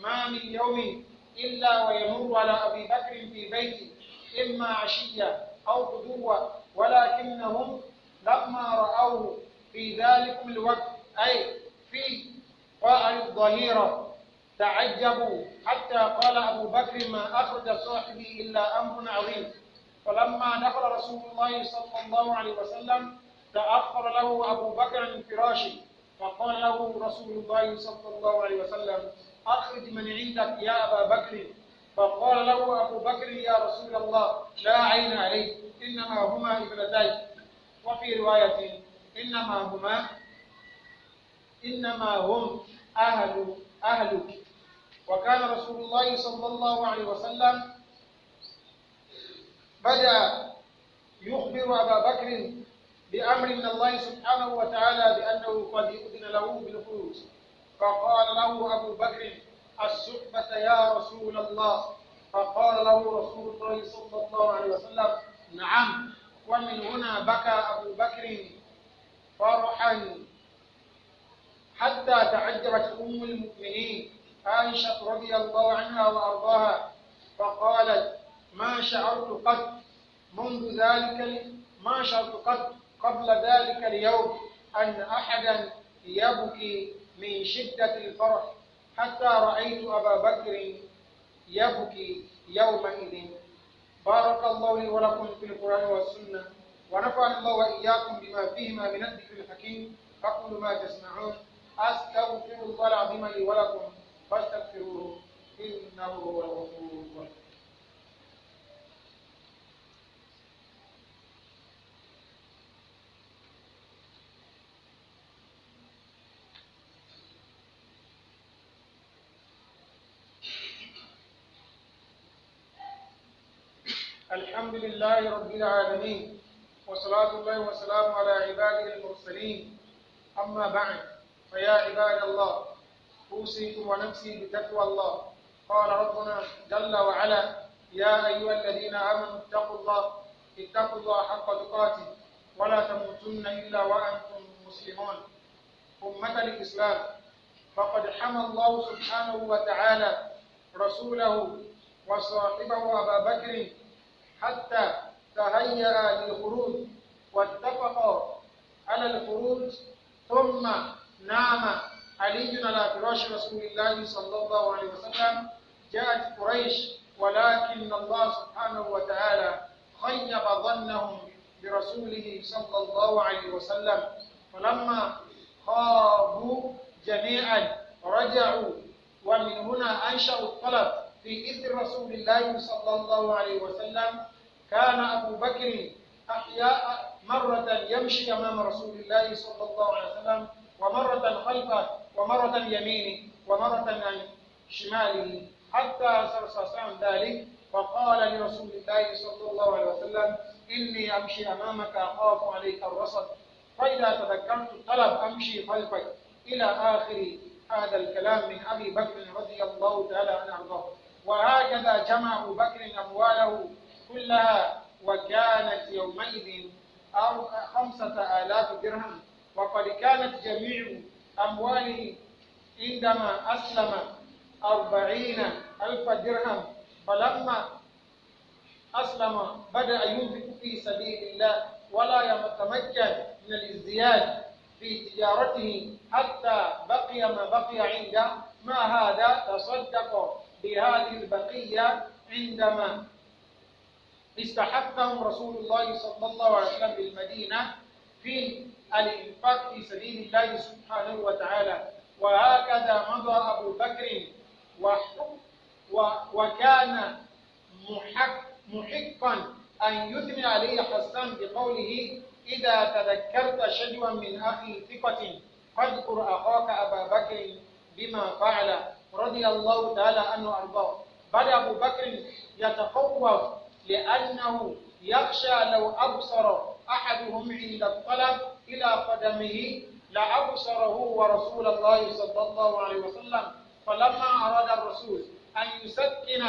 Speaker 1: ما من يوم إلا ويمر على أبي بكر في بيته إما عشية أو غدوة ولكنهم لما رأوه في ذلك الوقت أي في قاع الظهيرة تعجبوا حتى قال أبو بكر ما أخرج صاحبي إلا أمر عظيم فلما دخل رسول الله صلى الله عليه وسلم تأخر له أبو بكر من فراشه فقال له رسول الله صلى الله عليه وسلم أخرج من عندك يا أبا بكر فقال له أبو بكر يا رسول الله لا عين عليك إنما هما ابنتي وفي رواية إنما هما إنما هم أهل أهلك وكان رسول الله صلى الله عليه وسلم بدأ يخبر أبا بكر بأمر من الله سبحانه وتعالى بأنه قد أذن له بالخروج فقال له أبو بكر الصحبة يا رسول الله فقال له رسول الله صلى الله عليه وسلم نعم ومن هنا بكى أبو بكر فرحا حتى تعجبت أم المؤمنين عائشة رضي الله عنها وأرضاها فقالت ما شعرت قط منذ ذلك ما شعرت قط قبل ذلك اليوم أن أحدا يبكي من شدة الفرح حتى رأيت أبا بكر يبكي يومئذ بارك الله لي ولكم في القرآن والسنة ونفعني الله وإياكم بما فيهما من الذكر الحكيم أقول ما تسمعون أستغفر الله العظيم لي ولكم فاستغفروه إنه هو الغفور الرحيم الحمد لله رب العالمين وصلاة الله وسلام على عباده المرسلين أما بعد فيا عباد الله أوصيكم ونفسي بتقوى الله قال ربنا جل وعلا يا أيها الذين آمنوا اتقوا الله اتقوا الله حق تقاته ولا تموتن إلا وأنتم مسلمون أمة الإسلام فقد حمى الله سبحانه وتعالى رسوله وصاحبه أبا بكر حتى تهيأ للخروج واتفق على الخروج ثم نام علي على فراش رسول الله صلى الله عليه وسلم جاءت قريش ولكن الله سبحانه وتعالى خيب ظنهم برسوله صلى الله عليه وسلم فلما خابوا جميعا رجعوا ومن هنا أنشأوا الطلب في إثر رسول الله صلى الله عليه وسلم كان أبو بكر أحياء مرة يمشي أمام رسول الله صلى الله عليه وسلم ومرة خلفه ومرة يميني يمينه ومرة عن شماله حتى صرصر ذلك فقال لرسول الله صلى الله عليه وسلم إني أمشي أمامك أخاف عليك الرصد فإذا تذكرت الطلب أمشي خلفك إلى آخر هذا الكلام من أبي بكر رضي الله تعالى عنه أرضاه وهكذا جمع أبو بكر أمواله كلها وكانت يومئذ أو خمسة آلاف درهم وقد كانت جميع أمواله عندما أسلم أربعين ألف درهم فلما أسلم بدأ ينفق في سبيل الله ولا يتمكن من الازدياد في تجارته حتى بقي ما بقي عنده ما هذا تصدق بهذه البقية عندما استحقهم رسول الله صلى الله عليه وسلم بالمدينة في الإنفاق في سبيل الله سبحانه وتعالى وهكذا مضى أبو بكر وكان محق محقا أن يثني عليه حسان بقوله إذا تذكرت شجوا من أخي ثقة فاذكر أخاك أبا بكر بما فعل رضي الله تعالى عنه أرضاه بل أبو بكر يتخوف لأنه يخشى لو أبصر أحدهم عند الطلب إلى قدمه لأبصره ورسول الله صلى الله عليه وسلم فلما أراد الرسول أن يسكن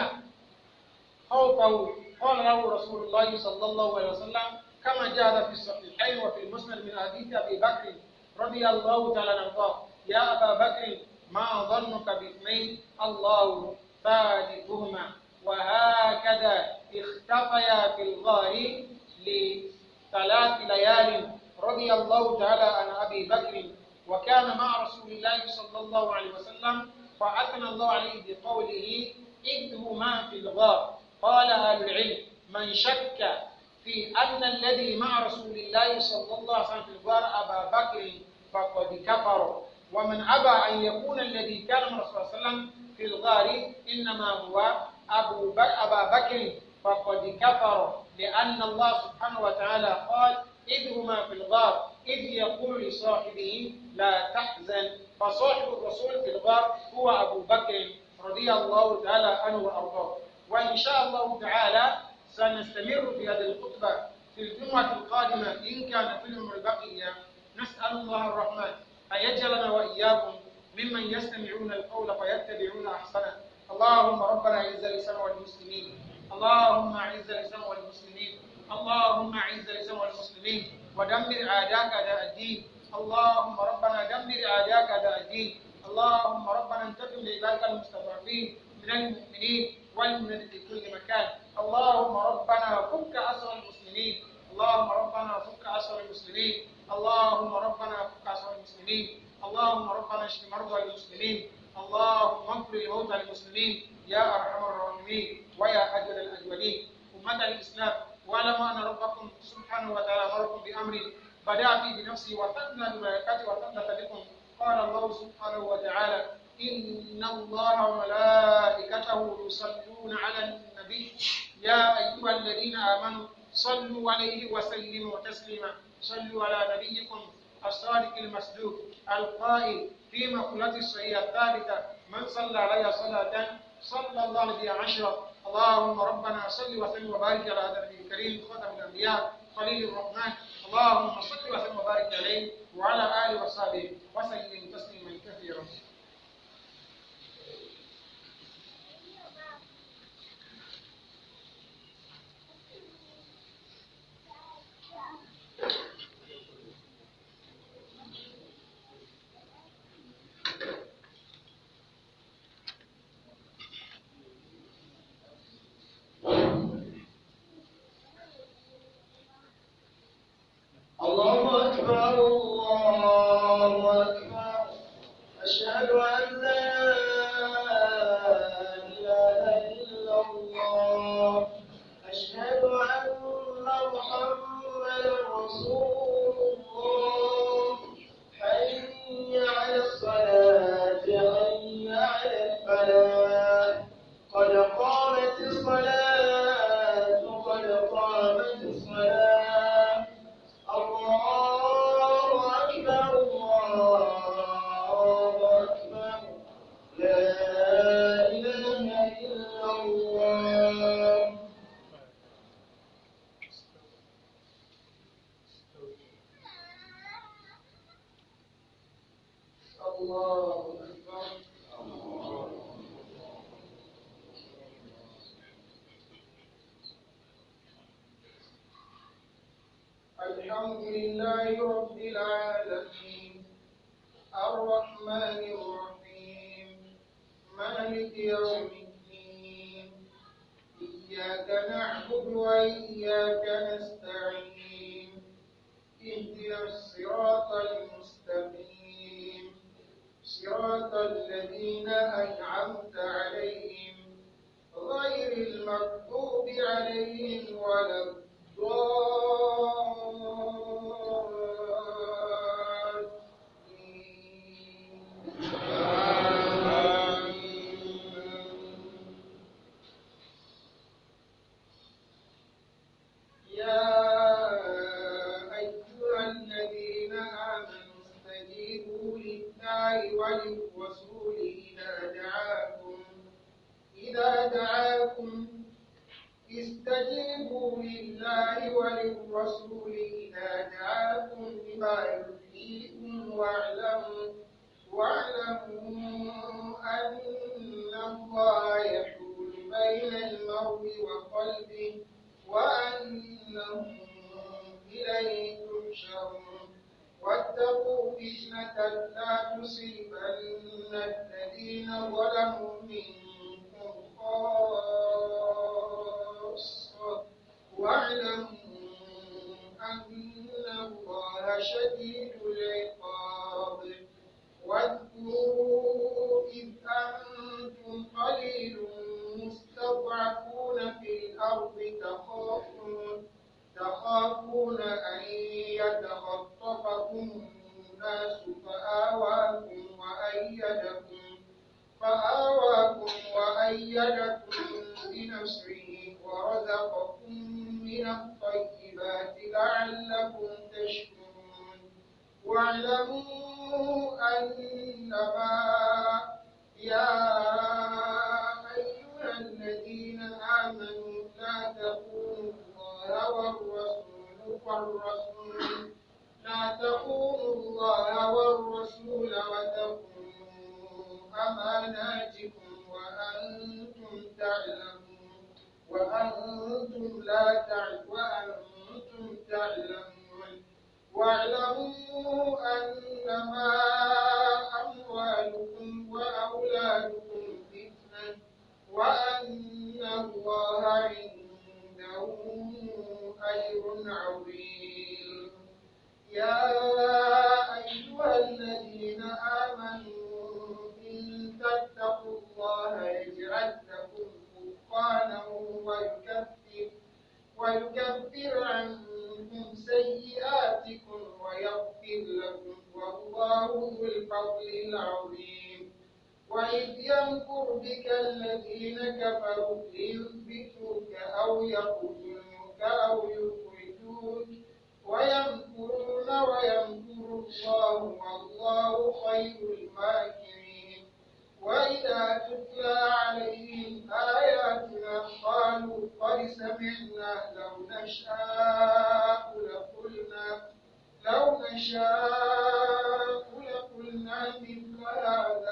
Speaker 1: خوفه قال له رسول الله صلى الله عليه وسلم كما جاء في الصحيحين وفي المسند من حديث أبي بكر رضي الله تعالى عنه يا أبا بكر ما ظنك باثنين الله بادئهما وهكذا اختفيا في الغار ثلاث ليال رضي الله تعالى عن أبي بكر وكان مع رسول الله صلى الله عليه وسلم فأثنى الله عليه بقوله إذ هما في الغار قال أهل العلم من شك في أن الذي مع رسول الله صلى الله عليه وسلم في الغار أبا بكر فقد كفر ومن أبى أن يكون الذي كان مع رسول الله صلى الله عليه وسلم في الغار إنما هو أبو أبا بكر فقد كفر لأن الله سبحانه وتعالى قال إذ هما في الغار إذ يقول لصاحبه لا تحزن فصاحب الرسول في الغار هو أبو بكر رضي الله تعالى عنه وأرضاه وإن شاء الله تعالى سنستمر في هذه الخطبة في الجمعة القادمة إن كان فيهم البقية نسأل الله الرحمن أن يجعلنا وإياكم ممن يستمعون القول فيتبعون أحسنه اللهم ربنا اعز الاسلام والمسلمين اللهم اعز الاسلام والمسلمين اللهم اعز الاسلام والمسلمين ودمر اعداءك اعداء الدين اللهم ربنا دمر اعداءك اعداء الدين اللهم ربنا انتقم لعبادك المستضعفين من المؤمنين والمؤمنين في كل مكان اللهم ربنا فك اسر المسلمين اللهم ربنا فك اسر المسلمين اللهم ربنا فك اسر المسلمين اللهم ربنا اشف مرضى المسلمين اللهم اغفر لموتى المسلمين يا ارحم الراحمين ويا اجل الاجولين امه الاسلام واعلم ان ربكم سبحانه وتعالى امركم بامر بدا في بنفسه وثنى الملائكه وثنى بكم قال الله سبحانه وتعالى ان الله وملائكته يصلون على النبي يا ايها الذين امنوا صلوا عليه وسلموا تسليما صلوا على نبيكم الصادق المصدوق القائل في مقولته الصحيحه الثابته من صلى علي صلاه صلى الله عليه عشرة اللهم ربنا صل وسلم وبارك على هذا النبي الكريم خاتم الانبياء خليل الرحمن اللهم صل وسلم وبارك عليه وعلى اله وصحبه وسلم تسليما كثيرا Thank you. أكبر الله استجيبوا لله وللرسول إذا دعاكم لما يحييكم واعلموا واعلموا أن الله يحول بين المرء وقلبه وأنه إليه تحشرون واتقوا فتنة لا تصيبن الذين ظلموا منكم خاصة واعلموا أن الله شديد العقاب واذكروا إذ أنتم قليل مستضعفون في الأرض تخافون أن يتخطفكم الناس فآواكم وأيدكم فآواكم وأيدكم بنصره ورزقكم من الطيبات لعلكم تشكرون واعلموا أنما يا أيها الذين آمنوا لا تخونوا الله والرسول والرسول لا تخونوا الله والرسول وتخونوا أماناتكم وأنتم تعلمون وأنتم لا وأنتم تعلمون واعلموا أنما أموالكم وأولادكم فتنة
Speaker 2: وأن
Speaker 1: الله عنده خير عظيم
Speaker 2: يا أيها
Speaker 1: الذين آمنوا إن تتقوا الله يجعل غفرانه ويكفر ويكفر عنكم سيئاتكم ويغفر لكم والله ذو الفضل العظيم وإذ يمكر بك الذين كفروا ليثبتوك أو يقتلوك أو يخرجوك ويمكرون ويمكر الله والله خير الماكرين
Speaker 2: وإذا
Speaker 1: تتلى عليهم آياتنا قالوا قد سمعنا لو نشاء لقلنا لو نشاء لقلنا مثل هذا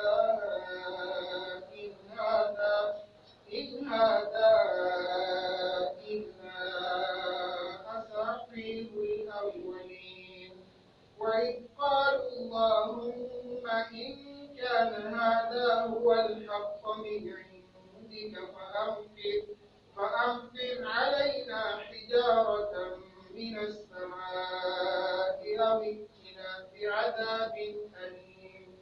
Speaker 1: إن هذا
Speaker 2: إن هذا
Speaker 1: وإذ قالوا اللهم إن كان هذا هو الحق من عندك فأمطر فأمطر علينا حجارة من السماء أو ائتنا بعذاب أليم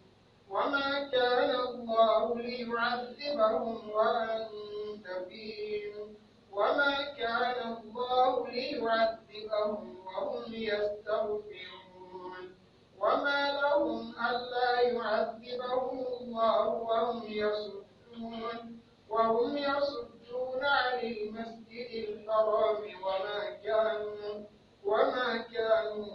Speaker 1: وما كان الله ليعذبهم وأنت فيهم وما كان الله ليعذبهم وهم يستغفرون وما لهم ألا يعذبهم الله وهم يصدون وهم يصدون عن المسجد الحرام وما كانوا وما كانوا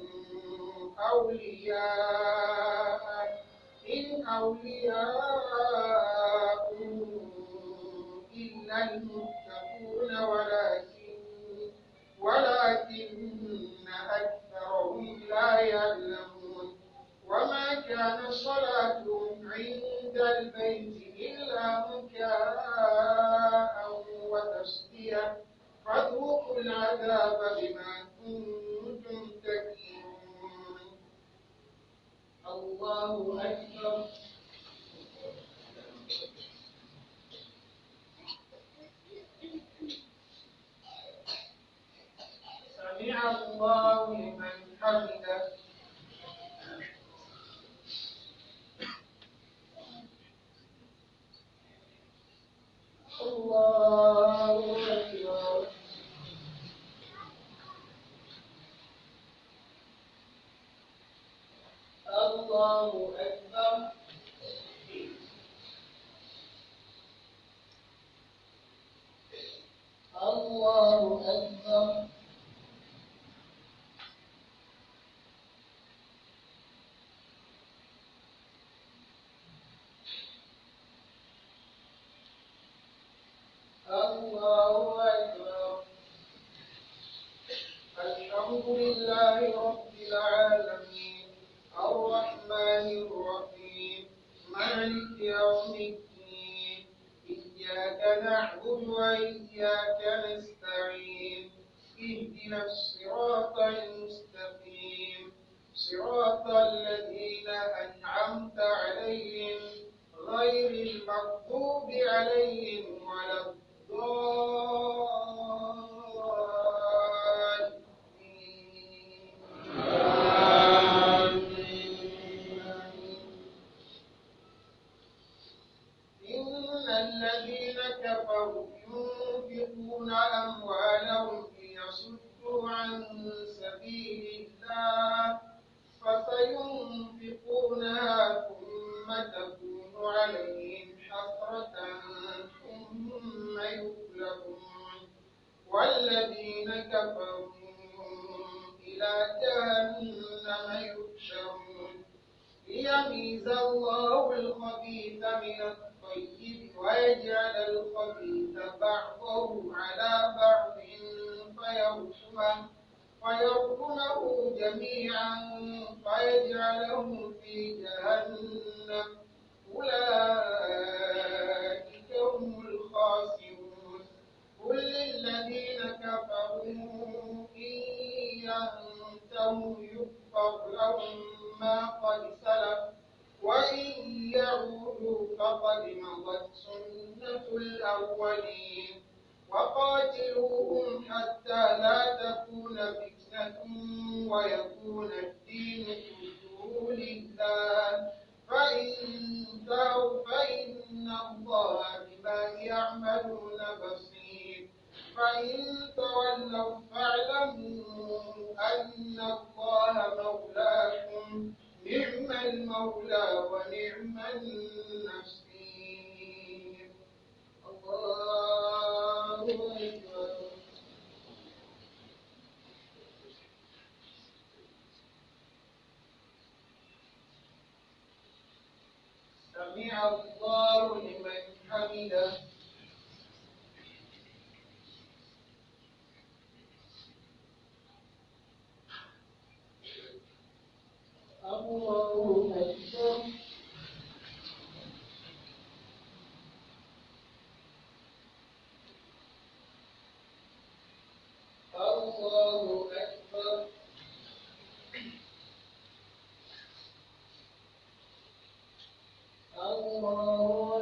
Speaker 1: أولياء إن أولياء إلا المتقون ولكن
Speaker 2: ولكن
Speaker 1: أكثرهم لا يعلمون وما كان صلاتهم عند البيت إلا مكاء وتصدية فذوقوا العذاب بما كنتم تكفرون الله أكبر يجعل الخبيث بعضه على بعض فيركمه فيركمه جميعا فيجعله في جهنم أولئك هم الخاسرون قل للذين كفروا إن ينتهوا يكفر لهم ما قد سلف وإن يعودوا فقد مضت سنة الأولين وقاتلوهم حتى لا تكون فتنة ويكون الدين كله لله فإنتهوا فإن الله بما يعملون بصير فإن تولوا فاعلموا أن الله مولاكم نعم المولى ونعم النصير الله أكبر سمع الله لمن حمده Allahu Akbar. Allahu Akbar.